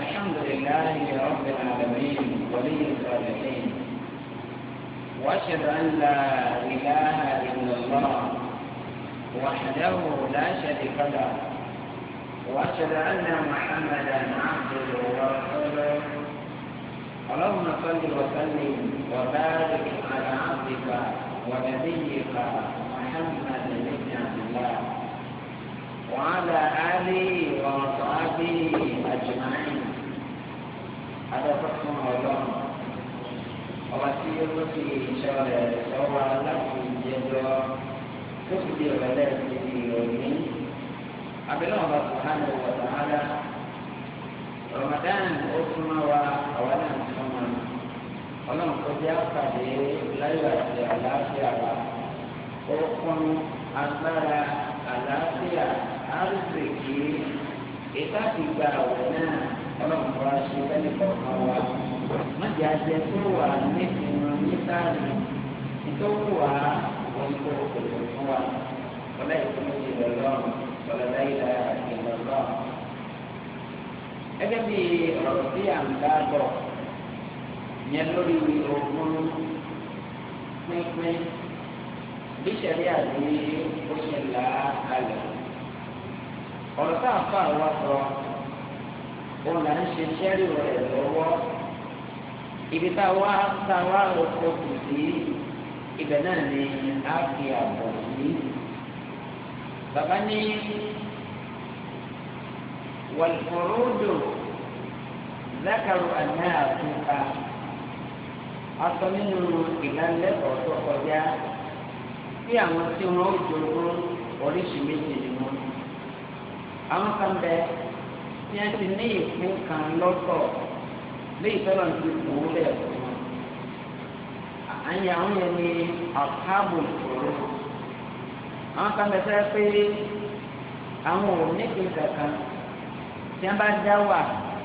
الحمد لله رب العالمين ولي الصالحين واشهد ان لا اله الا الله وحده لا شريك له واشهد ان محمدا عبده ورسوله اللهم صل وسلم وبارك على عبدك ونبيك محمد بن عبد الله وعلى آله وصحبه أجمعين هذا فصل الله وسيلة في الله سوى لكم جزاء تفضي غلاء كثيرين أبلغ الله سبحانه وتعالى رمضان أسمى وأولا سمى ọlọ́run tó jẹ́ àpàdé láyọ̀ àti àlàáfíà wa ó kún agbára àlàáfíà àrùsìkì ìtàkì gba àwẹ̀ náà ọlọ́run bá ṣe lẹ́yìn kọ̀ọ̀kan wa má jẹ́ àjẹ tó wà nípìnnu nítàrí nítorí wà òǹkó òkòlò fún wa ọlá ìfúnni ti lọ lọ́rùn ọlọ́lá ìlà ìlọ lọ́rùn. gẹ́gẹ́ bí ọ̀rọ̀ tí à bọ̀ yẹn lórí ogún pínpín bí sẹ́rí àti oṣù là kalẹ̀ ọ̀rọ̀ tá a fà wá sọ òun là ń ṣe sẹ́rí rẹ̀ lọ́wọ́ ibi tá a wá tá a wá oko kù sí ibẹ̀ náà ni a fi àbọ̀ sí. bàbá ní wàlúfọ̀rọ̀dọ̀ zákàrò àná àtúntà aṣọ nínú ìdánilẹ́kọ̀ọ́ tó kọjá bí àwọn tí wọ́n ó jogún oríṣi méjì ni wọ́n àwọn kan bẹ tí wọn ti ní ìpín kan lọ́tọ̀ léyìí tọ́lọ̀ ti kú lẹ̀ fún wọn. àyìn àwọn yẹn ni àkáàbò ìṣòro. àwọn kan bẹ sẹ́ pé àwọn ò nípìn kankan tí wọn bá dá wà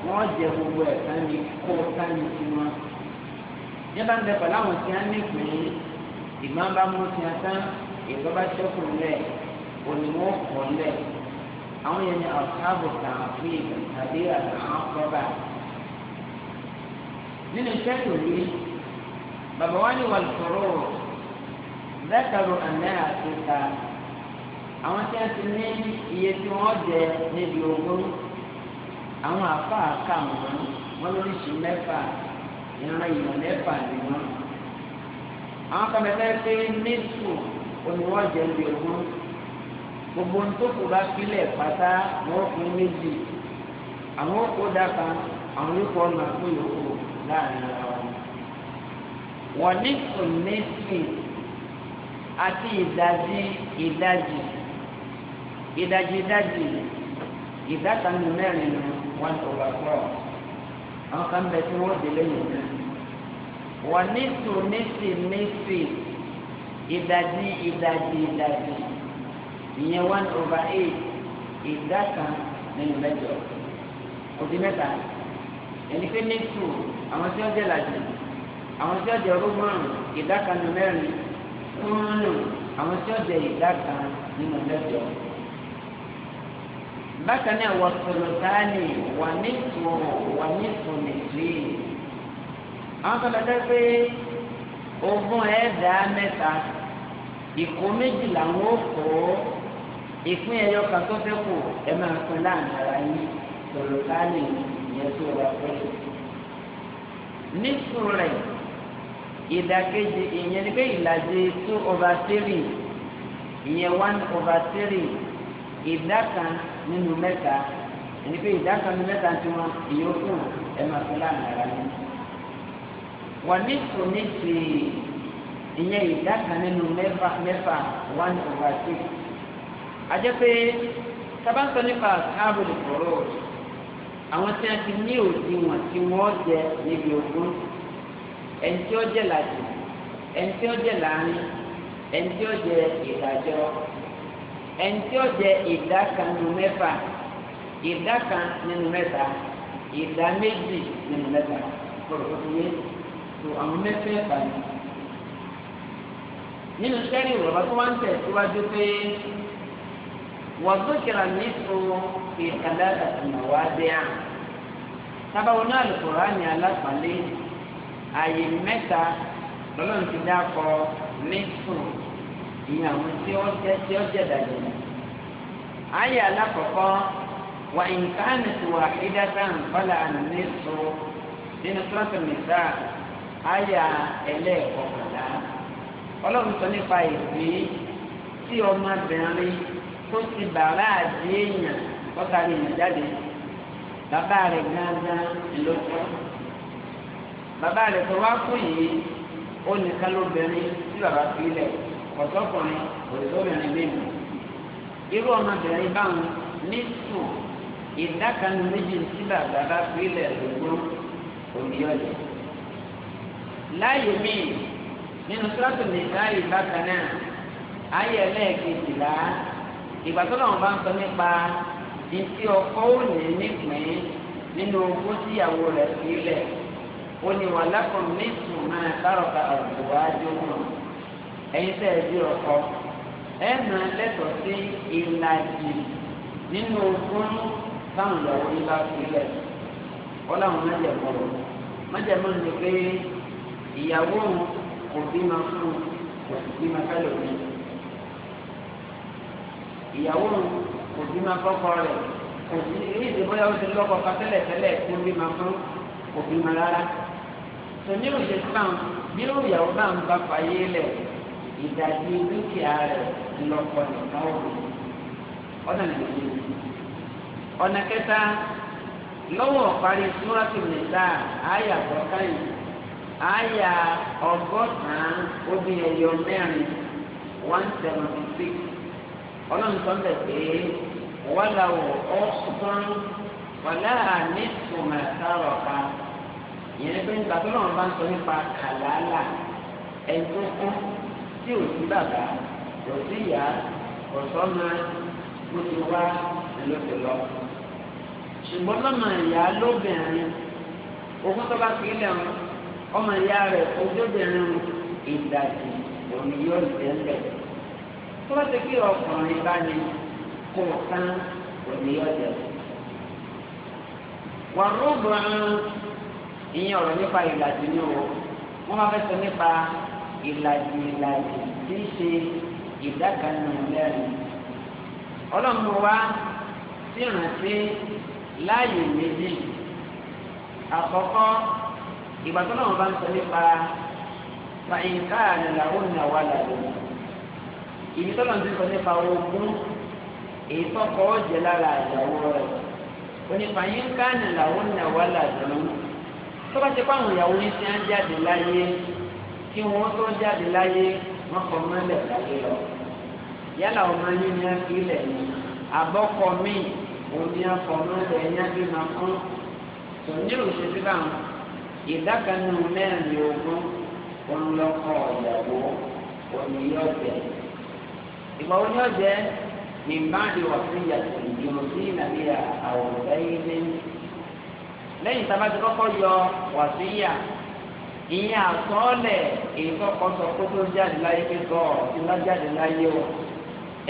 wọn jẹ gbogbo ẹ̀ sani kó sani sí wọn. yẹn bá ń bẹ pẹ̀lú àwọn tí wọn nípìn ìgbọ́n bá mú tí wọn tán ìgbọ́n bá ṣẹ́kù lẹ̀ òní wọn kọ̀ lẹ̀ àwọn yẹn ni àbùkábù tààfin tàbí àtàkọ́bà nínú sẹ́kù yìí bàbá wa ni wà lùsọ̀rọ̀ lẹ́tàrú àná àtúntà àwọn tí wọ́n ti ní iye tí wọ́n jẹ níbi ogún àwọn àfáà kà wọ́n wọ́n lóríṣi mẹ́fà ìran ìmọ̀ mẹ́fà ni wọ́n àwọn kan bẹ́ẹ̀ fẹ́ pé mẹ́tò oníwọ̀jẹ̀ níbi ogún gbogbo ní tó kù bá sílẹ̀ pátá wọ́n fún méjì àwọn kò dàgbà àwọn oníkọ́ ọ̀nà fún yòókù láàrin ara wọn. wọ́n ní kòmẹ́sì àti ìdajì ìdajì ìdajì ìdajì ìdákanu mẹ́rin ní one over four àwọn kan bẹ tí wọ́n dé lẹ́yìn náà. wọ́n ní tòmẹ́sì mẹ́sì ìdajì ìdajì ìdajì ìyẹn one over eight ìdá kan nínú mẹ́jọ òdi mẹ́ta ẹni pé ní two àwọn tí wọ́n jẹ́ làjì àwọn tí wọ́n jẹ́ ọgọ́rùn ìdá kan nínú mẹ́rin kúrúnù àwọn tí wọ́n jẹ́ ìdá kan nínú mẹ́jọ. bákan náà wọ́n sọ̀rọ̀ sáánì wà ní tùwọ̀ wà ní tùwọ̀ nìjírí àwọn kan lọ́dọ́ pé ogún ẹ̀ẹ́dá mẹ́ta ìkó méjì làwọn ò kó ìpín ẹyọ kan tó fẹ́ kù ẹ máa pín láàrin ara yín sọ̀rọ̀ káàlì ìyẹn tó wà pẹ́lú. nísùn rẹ̀ ìdàkejì ìyẹn ni pé ìlàjì two over three ìyẹn one over three ìdá kan nínú mẹ́ta ẹni pé ìdá kan nínú mẹ́ta tí wọ́n ìyókù ẹ máa pín láàrin ara yín. wà nísùn ní ti ìyẹn ìdá nínú mẹ́fà one over six ajẹ́ pé tabasọ nípa ààbòlì kọ̀ọ̀rọ̀ àwọn tí wọ́n ti ní òdiwọ̀n tí wọ́n jẹ níbi ogún ẹni tí ó jẹ làjì ẹni tí ó jẹ láàrin ẹni tí ó jẹ ìdájọ́ ẹni tí ó jẹ ìdá kan nínú mẹ́fà ìdá kan nínú mẹ́ta ìdá méjì nínú mẹ́ta kọ̀ọ̀rọ̀ tó yẹ tó àwọn mẹ́fẹ̀ẹ́fà ni nínú sẹ́rí ìrọ̀lọ́ tó wá ń tẹ̀ pé. وذكر مثله في ثلاثة مواضع سبقنا القرآن على صليب àyè mẹ́ta lọ́lọ́run ti dákọ mẹ́sùn ìyẹn àwọn tí ó jẹ́ tí ó jẹ́ dàjẹ́ nù. àyè alákọ̀ọ́kọ́ wà nǹkan tó wà ìdáta nǹkọ́lá mẹ́sùn nínú sọ́ọ̀tù mẹ́ta àyè ẹlẹ́ẹ̀kọ̀kọ̀lá ọlọ́run sọ nípa ìwé tí ọmọbìnrin tó ti bàrà àti èèyàn ọ̀tá ni ìyàn jáde bàbá rẹ̀ gángan ló tọ́ bàbá rẹ̀ tó wá kú yìí ó nìkan lóbìnrin tí bàbá fi lẹ̀ ọ̀tọ́kùnrin òdòdóbìnrin lẹ́nu irú ọmọbìnrin báwọn ní sùn ìdá kan méjì tí bàbá bá fi lẹ̀ lógún òmíọ̀lẹ̀ láàyè míì nínú sọ́tò nìkan ìbákan náà ayẹ̀lẹ́ẹ̀kejìlá ìgbà tó náà bá ń sọ nípa ìtí ọkọ ò ní nípìn nínú ogún tí ìyàwó rẹ̀ fi lẹ̀ ó ní wà lákùn nísùn máa kárọ̀ka àbùwájú náà ẹ̀yin tẹ́ ẹ bí ọkọ ẹ máa lẹ́tọ̀ọ́ sí ìlàjì nínú ogún táwọn ìyàwó yín bá fi lẹ̀ wọ́n láwọn májẹ̀mọ́ májẹ̀mọ́ ni pé ìyàwó kò bímọ fún kò sì bímọ fẹ́lẹ̀ òun ìyàwó kò bí máa kọ́kọ́ rẹ̀ kò sí ilé ìdìbò yàwó ti lọ́kọ̀ ká tẹ́lẹ̀ tẹ́lẹ̀ tí ń bí máa fún kò bí máa rárá. tó ní òṣè sáà bí ó ìyàwó náà ń bá fàyè lẹ̀ ìdajì dúkìá rẹ̀ lọ́kọ̀ nìkan ò ọ̀nà nìyí. ọ̀nà kẹta lọ́wọ́ parí súrátù nìta àyà kọ̀ọ̀kan àyà ọgọ́sàn-án ó bí ẹyọ mẹ́rin one seventy six ọlọ́run sọ bẹ̀ pé wàlà ò ọ̀sán wàlà ní tòmà sárọ̀ pa ìyẹn pé nígbà tó lọ́wọ́ bá ń sọ nípa kàlálà ẹ̀dùn kún tí ò sí bàbá kò sí ìyá kò sọ́nà bó ti wá lóde lọ. ṣùgbọ́n lọ́mọ ìyá lóbìnrin ogún tó bá fi lẹ̀ ọmọ ìyá rẹ̀ ojúbìnrin ìdajì òun yóò jẹ́ lẹ̀ tó bá ti kí ọkùnrin bá ní kó kán òní ọjà wà rúbù ìyẹn ọ̀rọ̀ nípa ìlàjì ní o wọ́n máa fẹ́ sọ nípa ìlàjì ìlàjì tí í ṣe ìdákanu mẹ́rin ọlọ́run wa sí láàyè méjì àkọ́kọ́ ìgbà tó náà bá ń sọ nípa fàyínká àdàlà ó nà wà lálẹ́ ìbí tọ́lọ̀ ń sọ nípa ogún èyí tọkọ ọ̀jẹ̀ lára ìyàwó rẹ̀ onípa yín káàní làwọn náà wà ládùn tó bá ti pàwọn ìyàwó yín ti ń jáde láyé kí wọ́n tó jáde láyé wọ́n kọ́ mọ́lẹ̀ láyé lọ yálà ọmọ yín ni a fi ilẹ̀ ní abọ́kọ míì òun ni a fọ mọ́lẹ̀ ẹ̀yìn àbí máa kún tòun ní òṣèlú báwọn ìdá kan nínú mẹ́rin ogún òun lọ́kọ̀ ìyàwó òun ni yóò ìgbà wo ni ó jẹ́ ìmáàdì wàsíyà ìjùmọ̀síyìn àbí àwòrán ilé lẹ́yìn tá a bá ti kọ́kọ́ yọ wàsíyà ìyẹn àsọ́ọ̀lẹ̀ èyí tó kọ́ sọ kó tó jáde láyé pé sọ ọ́ ti má jáde láyé o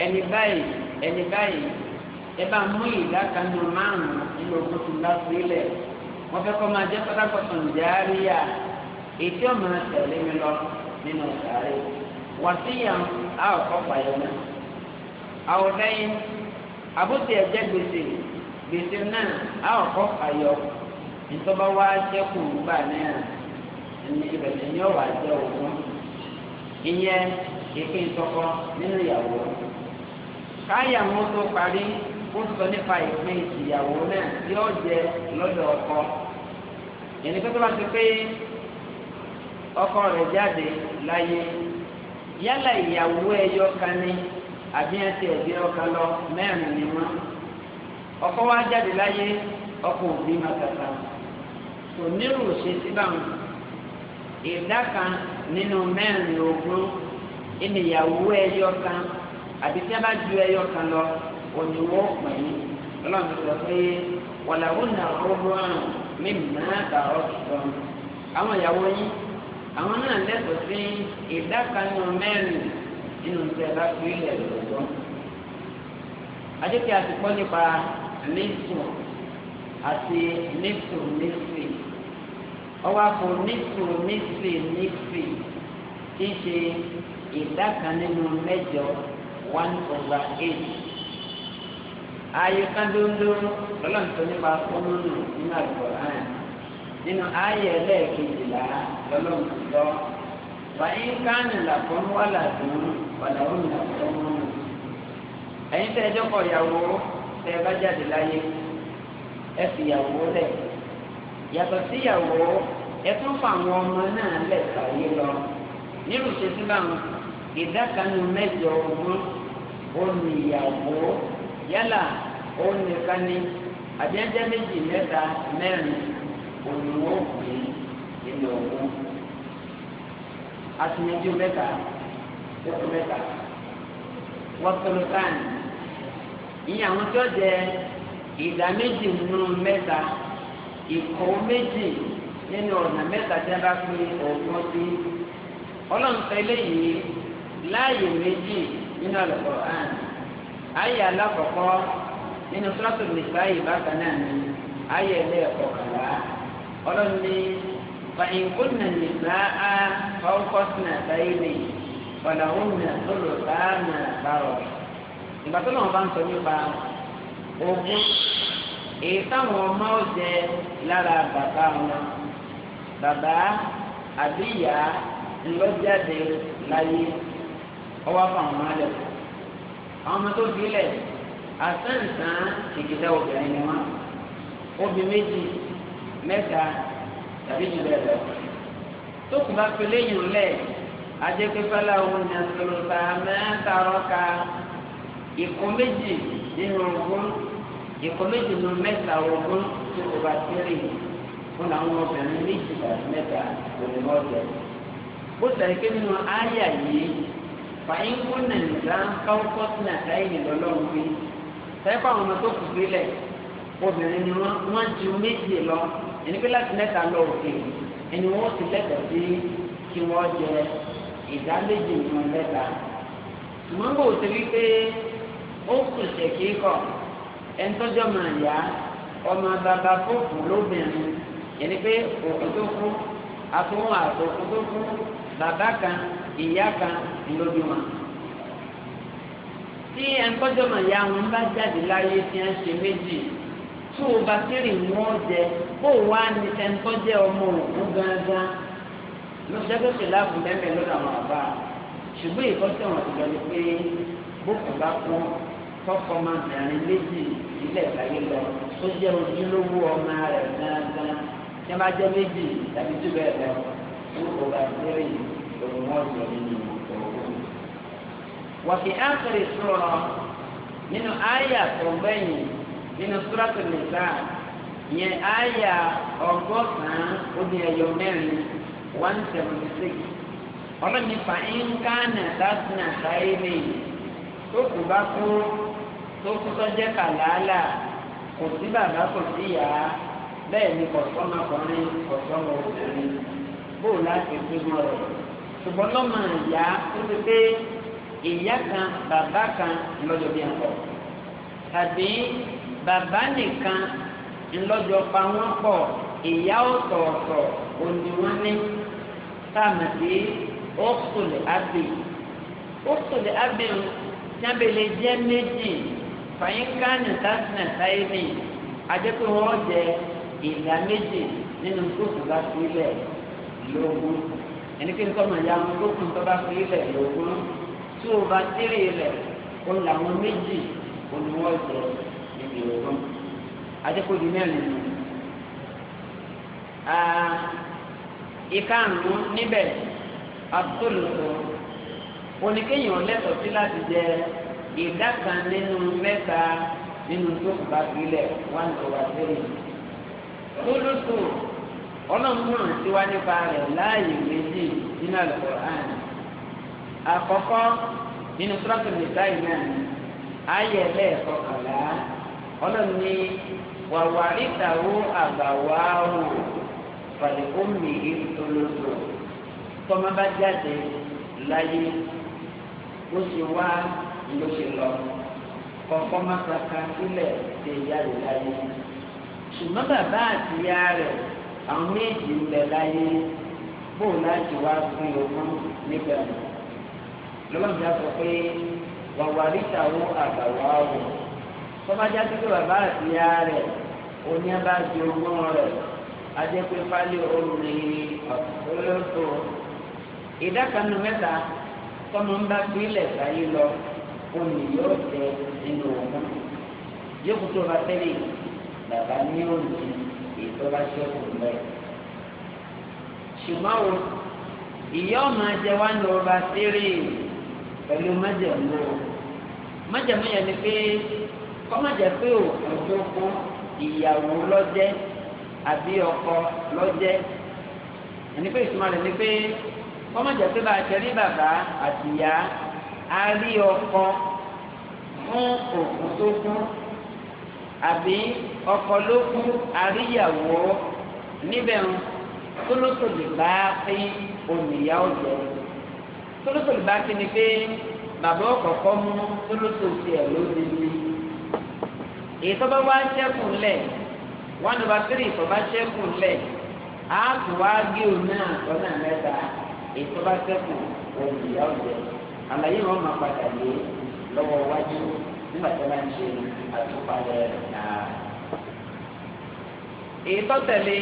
ẹni báyìí ẹni báyìí ẹ bá mú ìdá kan ní márùn-ún nínú ogún tó bá sílẹ̀ wọ́n fẹ́ kọ́ máa jẹ́ pátákọ̀tàn járíyà ètí ọ̀mọ tẹ̀lé mi lọ nínú sàárè wàsíyà ń f àwọn kan pààyàn náà àwọn lẹ́yìn àbúté ẹ̀jẹ̀ gbèsè gbèsè náà àwọn kan pààyàn ìtọ́ba wá jẹ́kù gbà náà ní ìbẹ̀rẹ̀ ní ọ̀wà jẹ́ òun ìyẹn ìpín ìtọ́kọ nínú ìyàwó káyà wọn tó parí ó sọ nípa ìpín ìyàwó náà jẹ lọ́dọ̀ ọkọ ẹni tó bá ti pé yálà ìyàwó ẹyọ kan ní àbí ẹsẹ ẹbí ọkan lọ mẹ́rin ni wọn ọkọ wa jáde láyé ọkọ òbí máa kàkà kò nírò ṣe síbà wọn ìdá kan nínú mẹ́rin ogún ẹni ìyàwó ẹyọ kan àbí tí a bá ju ẹyọ kan lọ òníwó pẹ̀lú ọlọ́run sọ pé wàlàwùn náà rọ́bù àrùn mímú náà kà ọ́ àwọn ìyàwó yìí àwọn náà lẹ́tọ̀ọ́ sí ìdákanu mẹ́rin nínú tí a bá fi ilẹ̀ lọ́wọ́. adékè àti pọ́ nípa nísùn àti nísùn nísì ọwọ́ àpò nísùn nísì nísì tí í ṣe ìdákan nínú mẹ́jọ one over eight ààyè kan dóńdó lọ́lọ́mùtò nípa fọ́nrán nínú àgbọ̀ràn nínú ayé ẹlẹ́ẹ̀kejìlá lọ́lọ́run sọ wàyí kánì làkún wàlà dùn wàlà òun làkún òun. ẹ̀yin tẹ́ ẹjọ́ kọ ìyàwó tẹ́ ẹ bá jáde láyé ẹ fi ìyàwó lẹ̀ yàtọ̀ sí ìyàwó ẹ tún fà àwọn ọmọ náà lẹ̀ sàyé lọ nírú ṣe báwọn ìdá kanu mẹ́jọ ọgbọ́n òní ìyàwó yálà òun nìkan ni àbíájá méjì mẹ́ta mẹ́rin. òní wọ́n pè é nínú owó. Asinidjo mẹta tẹ́tù mẹta wọ́n tọ́lú sáàni. Ìyẹn àwọn tó jẹ ìdá méjì nínú mẹ́ta ìkọ́ méjì nínú ọ̀nà mẹta tí a bá fi ọ̀gbọ́n sí. Ọlọ́run fẹ́ léyìí láàyè méjì nínú Al-Qur'an. Ayé alákọ̀ọ́kọ́ nínú bákan náà ni ayé ọlọ́run ní fàyín kúnnà nìgbà á fọ́ọ́kọ́sínà láìlè ọ̀làwùnà lọ́rọ̀ láàmà bárọ̀ ìgbà tó náà bá ń sọ nípa ogún èyí táwọn ọmọ ó jẹ lára bàbá wọn bàbá àbí ńlọ́jáde láyé ọwọ́ fún àwọn ọmọ rẹ̀ àwọn ọmọ tó fi lẹ̀ àtẹ̀ǹtàn obìnrin ni wọn obì méjì mẹ́ta tàbí jù bẹ́ẹ̀ lọ. tó kù bá fi léyìn lẹ̀ ajẹ́pẹ́fẹ́lá òun ni àtúntà mẹ́ta rọ́ka ìkọ́ méjì nínú ogún ìkọ́ méjì nínú mẹ́ta ogún tó kù bá tẹ́lẹ̀ fún àwọn obìnrin méjì tàbí mẹ́ta òní mọ́tẹ́. bó tẹ̀lé pé nínú áyà yìí fàyín kún nàìjíríà ń káwọ́ kọ́sínà táyìn lọ́lọ́run pé sẹ́kọ̀ àwọn ọmọ tó kù sílẹ̀ obìnrin ni wọ́n wọ́n ju méjì lọ ẹni pé láti mẹ́ta lọ òkè ẹni wọ́n ti lẹ́tọ̀ọ́ sí kí wọ́n jẹ ìdá méjì nínú mẹ́ta. ṣùgbọ́n kò sí wípé ó kù ṣèkí kọ̀ ẹni tọ́jọ́ máa yá ọmọ bàbá fòfò lóbìnrin ẹni pé òkú tó fún àtúnwò àtòkú tó fún bàbá kan ìyá kan ńlọ́dúnmọ́ tí ẹnkọ́jọ́ máa yá wọn bá jáde láyé tí wọ́n ṣe méjì tó o bá kéré ni wọ́n jẹ bó o wá ní ẹnìkan jẹ́ ọmọ òkú gángan ló ṣe pé pèlú àbùn bẹ́ẹ̀ lọ́dọ̀ àwọn àbá ṣùgbọ́n ìkọ́sẹ̀ wọn ti gbẹ́ni pé bókun bá kún tọkọ máa bẹ̀rẹ̀ méjì ìlẹ̀ ìgbàyé lọ tó jẹ́ ojúlówó ọmọ rẹ̀ gángan ní bá jẹ́ méjì tàbí tó bẹ́ẹ̀ lọ tó o bá kéré òun wọ́n jẹ nínú òwò. wọ́n fi áńkìrì sọ̀rọ̀ nínú àyà tó gbẹ̀yìn nínú sùrọ̀tù nìsa yẹn àyà ọgọ́sàn-án ó di ẹ̀yọ mẹ́rin one seventy six ọlọ́ni fa nkánà dásínà sáyẹ́lì tó kù bá kú tó kú sọ́jẹ́ kàlàálà kò sí bàbá kò sí ìyá bẹ́ẹ̀ ni kò sọ́mọkùnrin kò sọ́mọ obìnrin bó láti gbígbọ́ rẹ̀ ṣùgbọ́n lọ́mọ ìyá tó ti pé ìyá kan bàbá kan lọ́jọ́ bí ẹ̀kọ́ tàbí bàbá nìkan ńlọ́jọ́ pa wọ́n pọ̀ ìyá ọ̀tọ̀ọ̀tọ̀ òní wọ́n ní táàmù sí ọ́kùtùlẹ̀ ábì ọ́kùtùlẹ̀ ábì jábẹ̀lẹ̀ jẹ́ méjì fàyínkánì tásínà táyébì ajẹ́pẹ́ wọ́n jẹ ìlà méjì nínú tókùn bá fi ilẹ̀ lógún ẹni kí n tọ́ màá ya wọn tókùn tó bá fi ilẹ̀ lógún tí o bá tẹ́rẹ̀ ilẹ̀ o làwọn méjì òní wọ́n ìwé fún adékòjú mẹ́rin nù. ìkànnù níbẹ̀ àtúntò oníkéyìn lẹ́tọ̀ọ́ sí láti jẹ ìdá kan nínú mẹ́ta nínú tó bá gbilẹ̀ one over three. lólùtò ọlọ́mùràn tí wá nípa rẹ̀ láàyè méjì nínú Al-Qur'an. àkọ́kọ́ nínú sọ́kùnrin táyì náà ayẹ̀lẹ́ kọkànlá ọlọ́run ní wàwà ìtàwó àgbàwáwò fàlẹ́kùnmí ìtòlóso tọ́mọ bá jáde láyé ó ṣe wá ló ṣe lọ kọ̀ọ̀kan má kankan sílẹ̀ ṣe ìyá rẹ̀ láyé ṣùgbọ́n bàbá àti ìyá rẹ̀ àwọn méjì ń bẹ láyé bó láti wá fún ogún níbẹ̀ lọ́wọ́n mi á sọ pé wàwà ìtàwó àgbàwáwò tọ́bajá tí kò bàbá àti ìyá rẹ̀ oní bá di ogún rẹ̀ adékun pálí omi olóso ìdá kan nínú mẹ́ta tọ́mọ ń bá gbélé sáyé lọ omi yóò jẹ nínú ogún yókù tó bá tẹ́lẹ̀ bàbá ní òní ìtọ́ba ṣẹ́kù lẹ̀ ṣùgbọ́n ìyá ọmọ ajẹ wa ní ọba sírì pẹ̀lú májẹ̀mú májẹ̀mú yẹn ni pé kọ́mọ̀jẹ̀ pé ò ọjọ́ fún ìyàwó lọ́jẹ́ àbí ọkọ lọ́jẹ́ ẹni pé ìtumọ̀ rẹ̀ ni pé kọ́mọ̀jẹ̀ pé bá a ṣe rí bàbá àti ìyá a rí ọkọ fún òkú tó kú àbí ọkọ ló kú a rí ìyàwó níbẹ̀ ń tólótòlì bá pé òmìyá ọ̀jọ̀ tólótòlì bá kí ni pé bàbá ọkọ̀ kọ́ mú tólótòlì ẹ̀ lóde ní. èyí tó bá wá ṣẹ́kù lẹ̀ one over three tó bá ṣẹ́kù lẹ̀ á tún wá gé òun náà mẹ́ta èyí tó bá ṣẹ́kù òun ìyá n'ụlọ àlàyé wọn máa padà lé lọ́wọ́ wájú nígbà tó ń ṣe àtúpalẹ̀ náà. èyí tó tẹ̀lé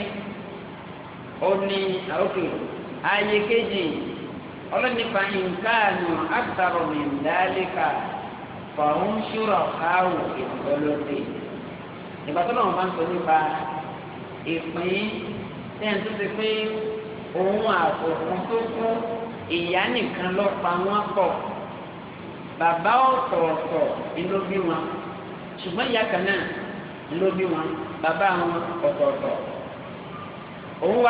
àókè fàwọn ṣúra káwò ìgbọ́lódé ìgbà tó náà máa ń sọ nípa ìpín tẹ́yìn tó ti pé òun àkókò tó kú ìyá nìkan pa wọ́n pọ̀ bàbá ọ̀tọ̀ọ̀tọ̀ ló bí wọn ṣùgbọ́n ìyá kan náà ló bí wọn bàbá wọn ọ̀tọ̀ọ̀tọ̀ òun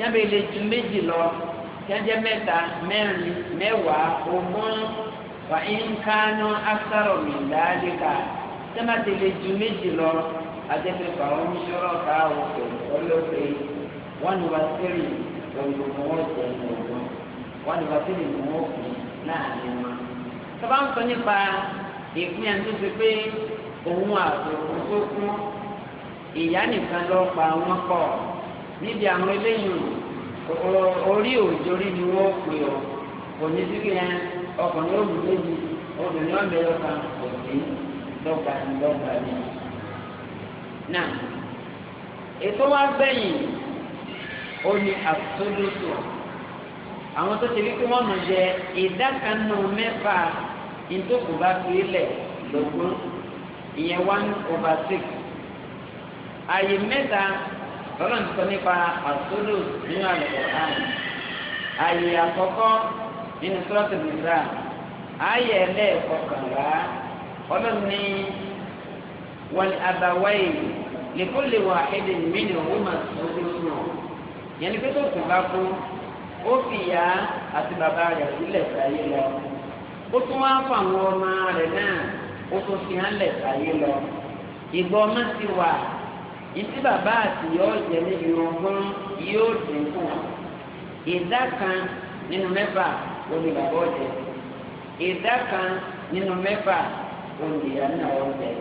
jábẹ́ ilé ju méjì lọ jẹ́jẹ́ mẹ́ta mẹ́rin mẹ́wàá ogún wà ń kánú asáró mi dáadéka jẹ́màtí ilé ju méjì lọ adẹ́fẹ́ fàwọn oníṣòro káwọ́ olóògbé wọn ni wà sẹ́rì lọ́wọ́ wọn jẹ́ ìwọ̀n wọn ni wà sẹ́rì ọma ìpín pé òun tó kún ìyá níbi àwọn eléyìí orí òjòrí ni wọ́n pè ọ́ òní sí kí ẹ ọkùnrin òmù méjì obìnrin ọ̀bẹ ọ̀ka òsì lọ́gbà lọ́gbà ni. náà ètò wa gbẹ̀yìn ó ní àtúndùtù àwọn tó ti rí kí wọ́n mọ̀ jẹ ìdá kan nù mẹ́fà ìtòkù bá fi lẹ̀ lógún ìyẹn one over six àyè mẹ́ta lọ́nà ti sọ nípa àkódò nínú àlùkò àná ààyè àkọ́kọ́ nínú sọ́ọ̀tì nìgbà ààyè ẹlẹ́ẹ̀kọkànlá ọlọ́ni wọn àbáwáyé lèkólè wà ẹ̀dẹ̀ mìíràn ó máa sọ ojúmọ́ yẹn ni pé tó kù bá kú ó fi ìyá àti bàbá rẹ̀ sílẹ̀ sáyé lọ ó tún wá fún àwọn ọmọ rẹ̀ náà ó tún fi hàn lẹ̀ sáyé lọ ìgbọ́ ọmọ ti wà ìtí bàbá àti yọ jẹ níbi ogún yóò dínkù ìdá kan nínú mẹ́fà òní bàbá ọ̀jẹ̀ ìdá kan nínú mẹ́fà òní ìyá náà ọ̀jẹ̀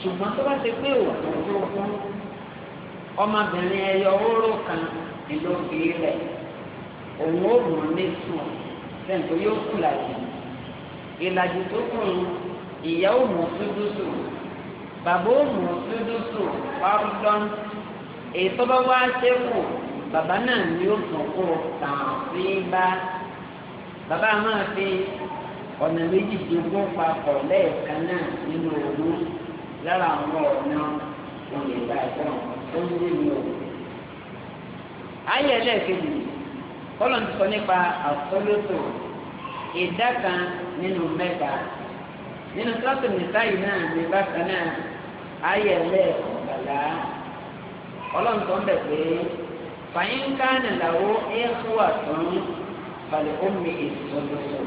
ṣùgbọ́n tó bá ti pé òwò tó fún ọmọbìnrin ẹyọ oró kan ìlú ìrẹ̀ òun ó mọ̀ ní sùn sẹ́ńtò yóò kú làjì ìlàjì tó kù ìyá ò mọ̀ fún dúdú Babou moun se dosou, pardon, e to bawa se rou, baba nan yon kon, tan pri ba. Baba man fe, kon nan we di sou kon fwa kon le, kanan, ninou dou, la lan moun nan, kon le la kon, kon se lou. Aya le, kon loun se konen pa, a solotou, e datan, ninou mekak, nínú sọ́ọ̀tù nìta yìí náà ní bákan náà ayẹ̀ lẹ́ẹ̀kọ̀ọ̀kàlá ọlọ́run tó ń bẹ̀ pé fàyínká nìlàwó ẹ̀kú àtún balẹ̀ omi ìsọdọ̀sọ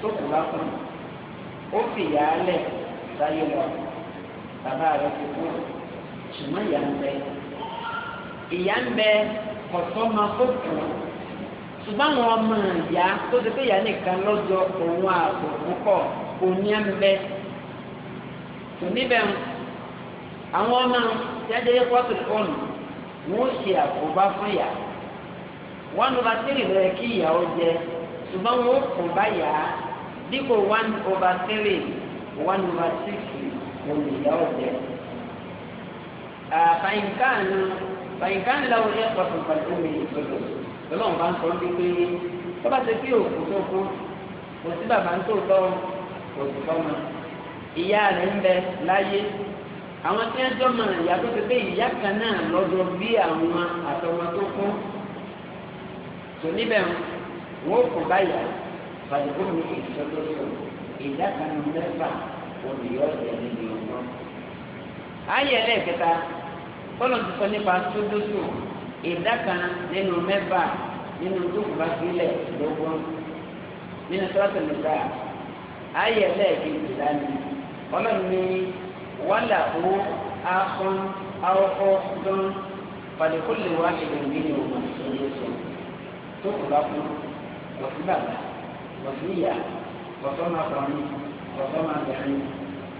tó kù bá kùn ó fìyà lẹ̀ sáyé lọ bàbá rẹ̀ ti kú ṣùgbọ́n ìyá ń bẹ ìyá ń bẹ ọ̀tọ́ máa kó kù ṣùgbọ́n àwọn ọmọ ìyá tó ti pé ìyá nìkan lọ́jọ́ òun ààbò púpọ̀ òní ẹ̀mbẹ́ oníbẹ̀rù àwọn ọmọ jẹ́jẹ́ pọ́tù fọ́ọ̀nù wọ́n ṣe àkóbá fún yà wọ́n ló bá tẹ̀lé bẹ̀rẹ̀ kí ìyàwó jẹ ṣùgbọ́n wọ́n kò bá yà á dípò one over three one over six wọ́n lè ìyàwó jẹ. fàyínkáànù fàyínkáànù làwọn ilé ẹ̀kọ́ tó ń pàdé mi ìṣòro lọ́wọ́n bá ń sọ wípé tó bá ṣe kí òkú tó kú kò sí bàbá ń tó lọ́wọ́ òsì fọ́mọ ìyá rẹ̀ ń bẹ láyé àwọn tí wọ́n jọ mọ̀ ìyá tó ti pé ìyá kan náà lọ́dọ̀ bí àwọn àtọmọ tó kún tò níbẹ̀ wọn kò báyà fàdúgbò mi ìṣòdodo ìyá kan mẹ́fà olùyọ̀ ọ̀dẹ̀ nínú ọgbọ́n. ayé ẹlẹ́ẹ̀kẹta kọ́nà ti sọ nípa sódóso ìdá kan nínú mẹ́fà nínú tó kù bá sílẹ̀ lọ́gbọ́n nínú sọ́tò nígbà yà ayé lẹ́ẹ̀kejì lánàá ọlọ́run ní wàlà owó ahọ́n ahọ́kọ́ dán pàdékólè wá ìdèrè nínú ògùn ìṣòro sọ tó kù bá kú wọ̀sí bàbá wọ̀sí ìyá wọ̀sọ́ máa tọ̀rin wọ̀sọ́ máa bẹ̀rẹ̀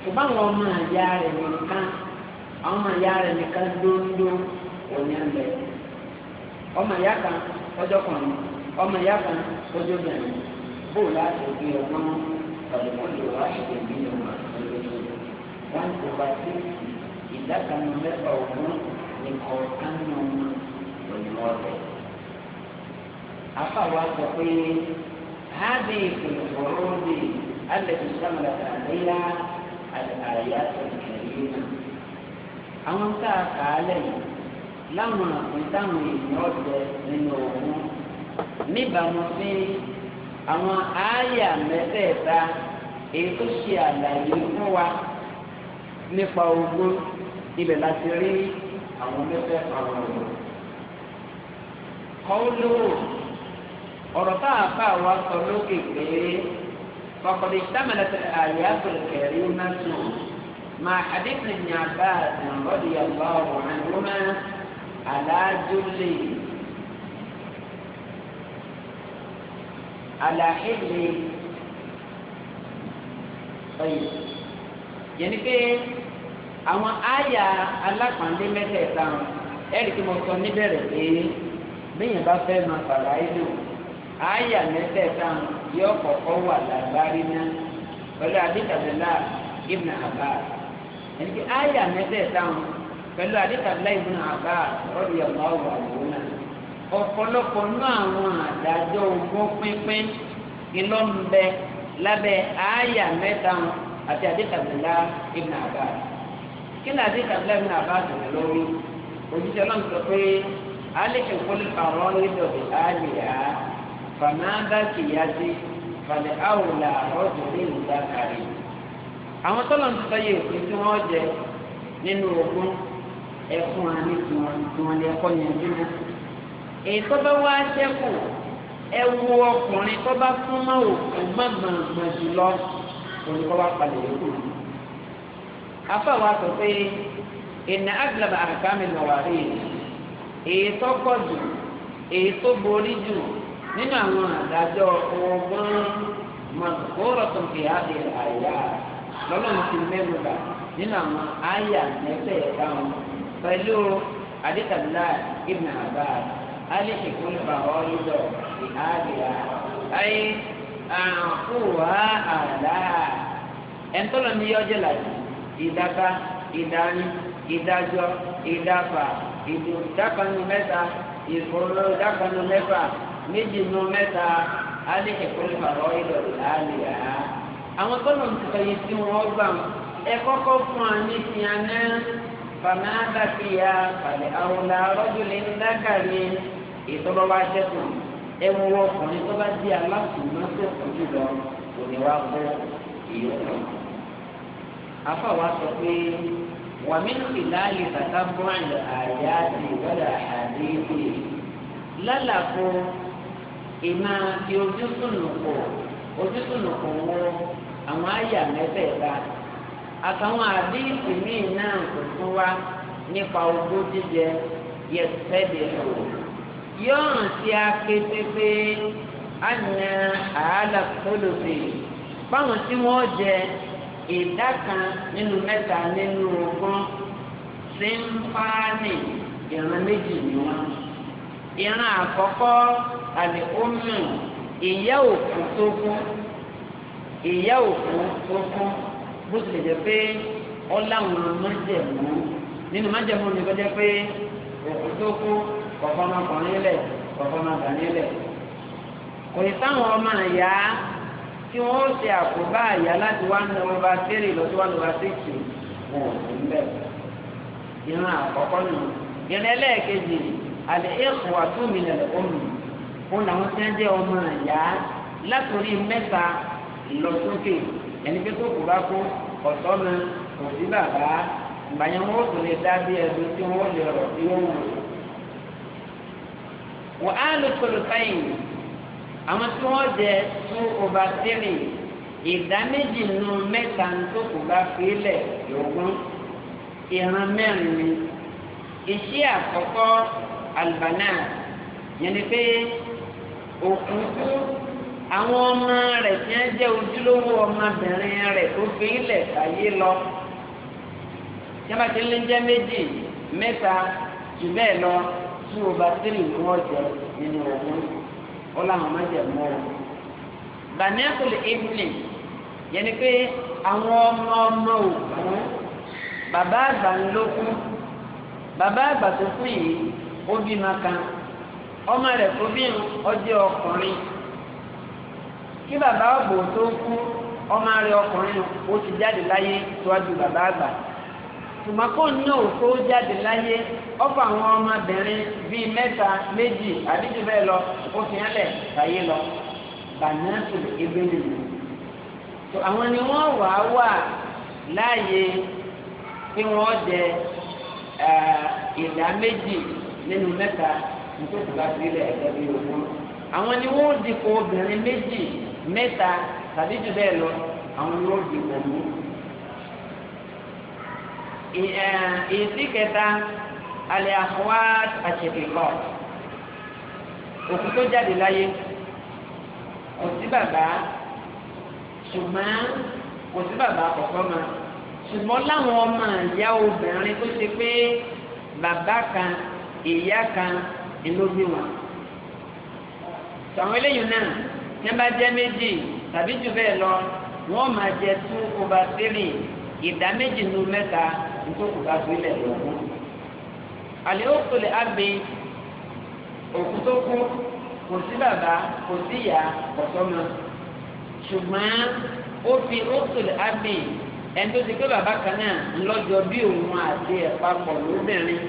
ṣùgbọ́n àwọn ọmọ àyà rẹ̀ nìkan àwọn ọmọ àyà rẹ̀ nìkan dóńdó òní àgbẹ̀ ọmọ àyà kan ọjọ́ kan ọmọ àyà kan ọjọ́ bẹ̀rẹ̀ bóòlù àti òbí ọgbọ́n فلكل واحد منهما wọ́n ti wá sí ìdákanu mẹ́fà ogún ní kọ̀ọ̀kan nù pẹ̀lú ọ̀rẹ́. afáwa sọ pé hábì ìfòrò bì alẹ́bí sọ́mọ̀lá àléyá àyà ìkẹ̀lẹ́ náà. àwọn tá a kà á lẹ́yìn láwọn àpótáwọn èèyàn ọ̀dẹ nínú òun níbàámu sí àwọn àáyà mẹ́tẹ̀ẹ̀ta èyí tó ṣe àlàyé fún wa nípa ogún ibẹ̀ láti rí àwọn mẹ́fẹ́ àwọn ọ̀rọ̀. kọ́ ló ọ̀rọ̀ tá a bá wa sọ lókè pé fọkànlẹ̀ ìdámẹ́lẹ́tẹ̀ àyà kẹrì náà tó máa àdéhùn ní abá àtàǹbọ̀dì àgbà ọ̀rọ̀ àìmọ́ àlàájú lè. على حل ọyọ yẹni pé àwọn àyà alápàndé mẹ́tẹ̀ẹ̀ta ẹ̀rí tí mo sọ níbẹ̀rẹ̀ pé bíyẹn bá fẹ́ máa fàrà ìlú àyà mẹ́tẹ̀ẹ̀ta yóò kọ́kọ́ wà lágbárí náà pẹ̀lú àdìtàbẹ̀lá ibn Abbas ẹni pé àyà mẹ́tẹ̀ẹ̀ta pẹ̀lú àdìtàbẹ̀lá ibn Abbas lọ́dún yàrá ọ̀rọ̀ àbúrò náà ọ̀pọ̀lọpọ̀ náà àwọn àdájọ́ ogún pínpín ìlọ́nbẹ lábẹ́ àáyà mẹ́ta àti àdìsàbìlá ibn Abbas kí ni àdìsàbìlá ibn Abbas sọ̀rọ̀ lórí òjijì ọlọ́run sọ pé alẹ́kẹ̀ kọ́lé pàrọ́ nílò bí àlìyá fàmà bá kìyà sí fàlẹ́ àwòlà ọ̀dọ̀ ní ìlúdà kárí. àwọn tọ́lọ̀ ń sọ yìí òfin tí wọ́n jẹ nínú ogún ẹ̀fún àní tiwọn yẹn dúró. èyí tó bá wá ṣẹ́kù ẹ wo ọkùnrin tó bá fún mọ́ òkú jùlọ palẹ̀ sọ pé ìnà èyí tó pọ̀ jù èyí tó borí jù nínú àwọn àdájọ́ ọgbọ́n tó fi àyà lọ́lọ́run ti mẹ́nu nínú àwọn àyà pẹ̀lú adékàlá alẹ́ àdìyà ayé àǹkúwà àlá ẹ̀ńtọ́lọ́ ní yọjẹ́ làjì ìdábá ìdání ìdájọ́ ìdáfà ìdùndákanu mẹ́ta ìfòrò dákanu mẹ́fà méjì nu mẹ́ta alẹ́ ìkọlù fàrọ̀ ìdọ̀rọ̀ àlìyà àwọn tọ́lọ̀ ń sọ yìí tí wọ́n gbà ẹ kọ́kọ́ fún wa ní tìǹanà fàmà àdàfíà pàlẹ́ àwọn làárọ̀ jùlẹ̀ ń dákàrí ìtọ́lọ́wáṣẹ́kùn. ẹwọ ọkùnrin tó bá di aláṣùmọ́sẹ̀ fojú lọ kò ní wá bọ́ ìyókù. afa wa sọ pé wà mí ní ìlàlì tàkà brand àyà ti gbọdọ̀ àdéhùn lálàfo ìmá ti ojú àwọn àyà àtàwọn àdéhùn náà kò tún wá nípa ogójì jẹ yẹtẹ́dẹ̀ẹ́ yóò hàn sí akéde pé àná àhálà kólóbè báwọn tí wọ́n jẹ ìdá kan nínú mẹ́ta nínú ogún ṣe ń pààlì ìran méjì ni wọ́n. ìran àkọ́kọ́ àlè omi ìyá òkú tó kú ìyá òkú tó kú bó tilẹ̀ jẹ́ pé ọ láwọn májẹ̀mú nínú májẹ̀mú ni kọjá pé òkú tó kú kọ̀ọ̀kan máa kàn nílẹ̀ kọ̀ọ̀kan máa bà nílẹ̀ kò ní sáwọn ọmọ àyà tí wọ́n ṣe àkóbá àyà láti wá ní ọmọ bá tẹ́rì lọ sí wá ní ọba sèkì wọn ò ní bẹ̀ ìran àkọ́kọ́ nù ìran ẹlẹ́ẹ̀kejì àlẹ́ èkó àtúmìlẹ̀ ọmọ òun làwọn tí wọ́n jẹ́ ọmọ àyà látòrí mẹ́ta lọ sókè ẹni pé tó bá kú ọ̀tọ́ mi kò sí bàbá ìgbà yẹn lè dá bí ẹdun tí wọ́n lè rọ̀ sí òun wọ́n á lò sọ̀rọ̀sáyìn àwọn tí wọ́n jẹ two over three ìdá méjì nù mẹ́ta tó kù bá fílẹ̀ yọ̀gbọ́n ìran mẹ́rin ni iṣẹ́ àkọ́kọ́ albana yẹn ni pé òkúnkú àwọn ọmọ rẹ̀ tí wọ́n jẹ́ ojúlówó ọmọbìnrin rẹ̀ tó fi ilẹ̀ lọ yàrá tí ń lé jẹ́ méjì mẹ́ta jù bẹ́ẹ̀ lọ. tí o bá tírì ní wọ́n nínú ọ̀hún ó jẹ mọ́ ọ. bànẹ́kùlù evelyn yẹn ni pé àwọn ọmọ ọmọ òkú bàbá àgbà ń bàbá àgbà tó yìí ó bí ma kan ọmọ rẹ̀ kó bí ọjọ́ ọkùnrin kí bàbá ọ̀gbọ̀n tó ọmọ rẹ̀ ọkùnrin ó ti ṣùgbọ́n kò ní òfó jáde láyé ọ̀pọ̀ àwọn ọmọbìnrin bíi mẹ́ta méjì àdíjú bẹ́ẹ̀ lọ ó fi hàn lẹ̀ láyé lọ bànátù ebe nìyí. tó àwọn ni wọ́n wà á wà láàyè kí wọ́n jẹ ìdá méjì nínú mẹ́ta nítorí bá sílẹ̀ ẹ̀gbẹ́ bíi òfin. àwọn ni wọ́n dìpọ̀ obìnrin méjì mẹ́ta tàbí jù bẹ́ẹ̀ lọ àwọn ni wọ́n dìpọ̀ mú ìsí kẹta alẹ́ àkọ́wá àṣẹ̀kẹ̀kọ́ òkú tó jáde láyé kò sí bàbá ṣùgbọ́n kò sí bàbá àkọ́kọ́ ma ṣùgbọ́n láwọn ọmọ ìyá obìnrin tó ṣe pé bàbá kan ìyá kan ló bí wọn tàwọn eléyìí náà ní bá jẹ́ méjì tàbí jù bẹ́ẹ̀ lọ wọ́n máa jẹ two over three ìdá méjì nínú mẹ́ta nítorí ká gbélé lòkú àlè òkú lè ábẹ òkú tó kú kò sí bàbá kò sí ìyá ọ̀sọ́mọ ṣùgbọ́n ó fi òkú lè ábẹ ẹni tó ti pé bàbá kan náà ńlọ́jọ bí òun àti ẹ̀pàpọ̀ lóbìnrin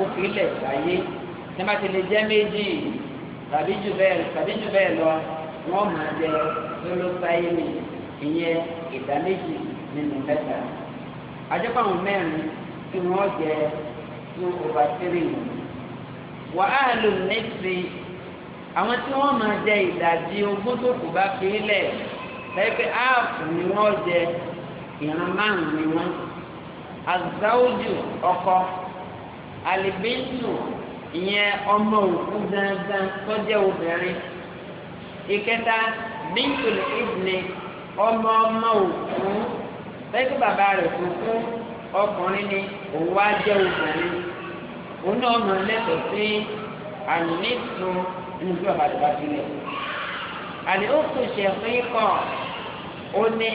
ó fi lẹ̀ sáyé nígbà tí lè jẹ́ méjì tàbí jù bẹ́ẹ̀ tàbí jù bẹ́ẹ̀ lọ wọ́n máa jẹ lọ́lọ́sáyé mi ìyẹn ìdá méjì nínú mẹ́ta. àjẹpàwọn mẹ́rin tí wọ́n jẹ two over three wà á àwọn tí wọ́n máa jẹ ìdajì ogún tó kù bá fi lẹ̀ lẹ́gbẹ́ áàpù ni wọ́n jẹ ìran márùn ni wọ́n azáwójú ọkọ àlìbíntù ìyẹn ọmọ òkú dandan tó jẹ́ obìnrin ìkẹta bíntù ọmọ ọmọ òkú. bẹ́ẹ̀ kí bàbá rẹ̀ kú fún ọkùnrin ni òun wá jẹ́ obìnrin òun náà mọ̀ lẹ́tọ̀ọ́ sí àníṣu inú bí àní ó ṣe fún ikọ̀ ó ní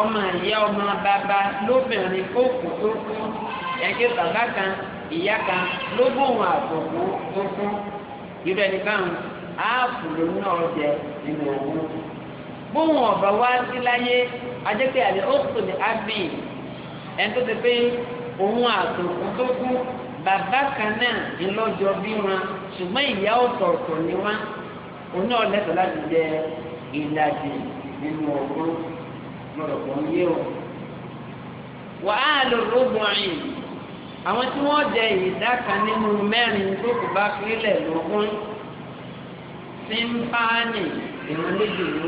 ọmọ ìyá ọmọ bàbá lóbìnrin kan ìyá kan tó báwọn bóun ọba wá sí láyé ajẹ́pẹ́ àlẹ́ ọ̀sùn ní abbey ẹni ti pé òun àtòkùn tó kú bàbá kan náà bí wọn ṣùgbọ́n ìyá ọ̀tọ̀ọ̀tọ̀ ni wọn oní ọ̀lẹ́tọ̀ láti jẹ ìlàjì nínú ọ̀gbọ́n yé o. àwọn tí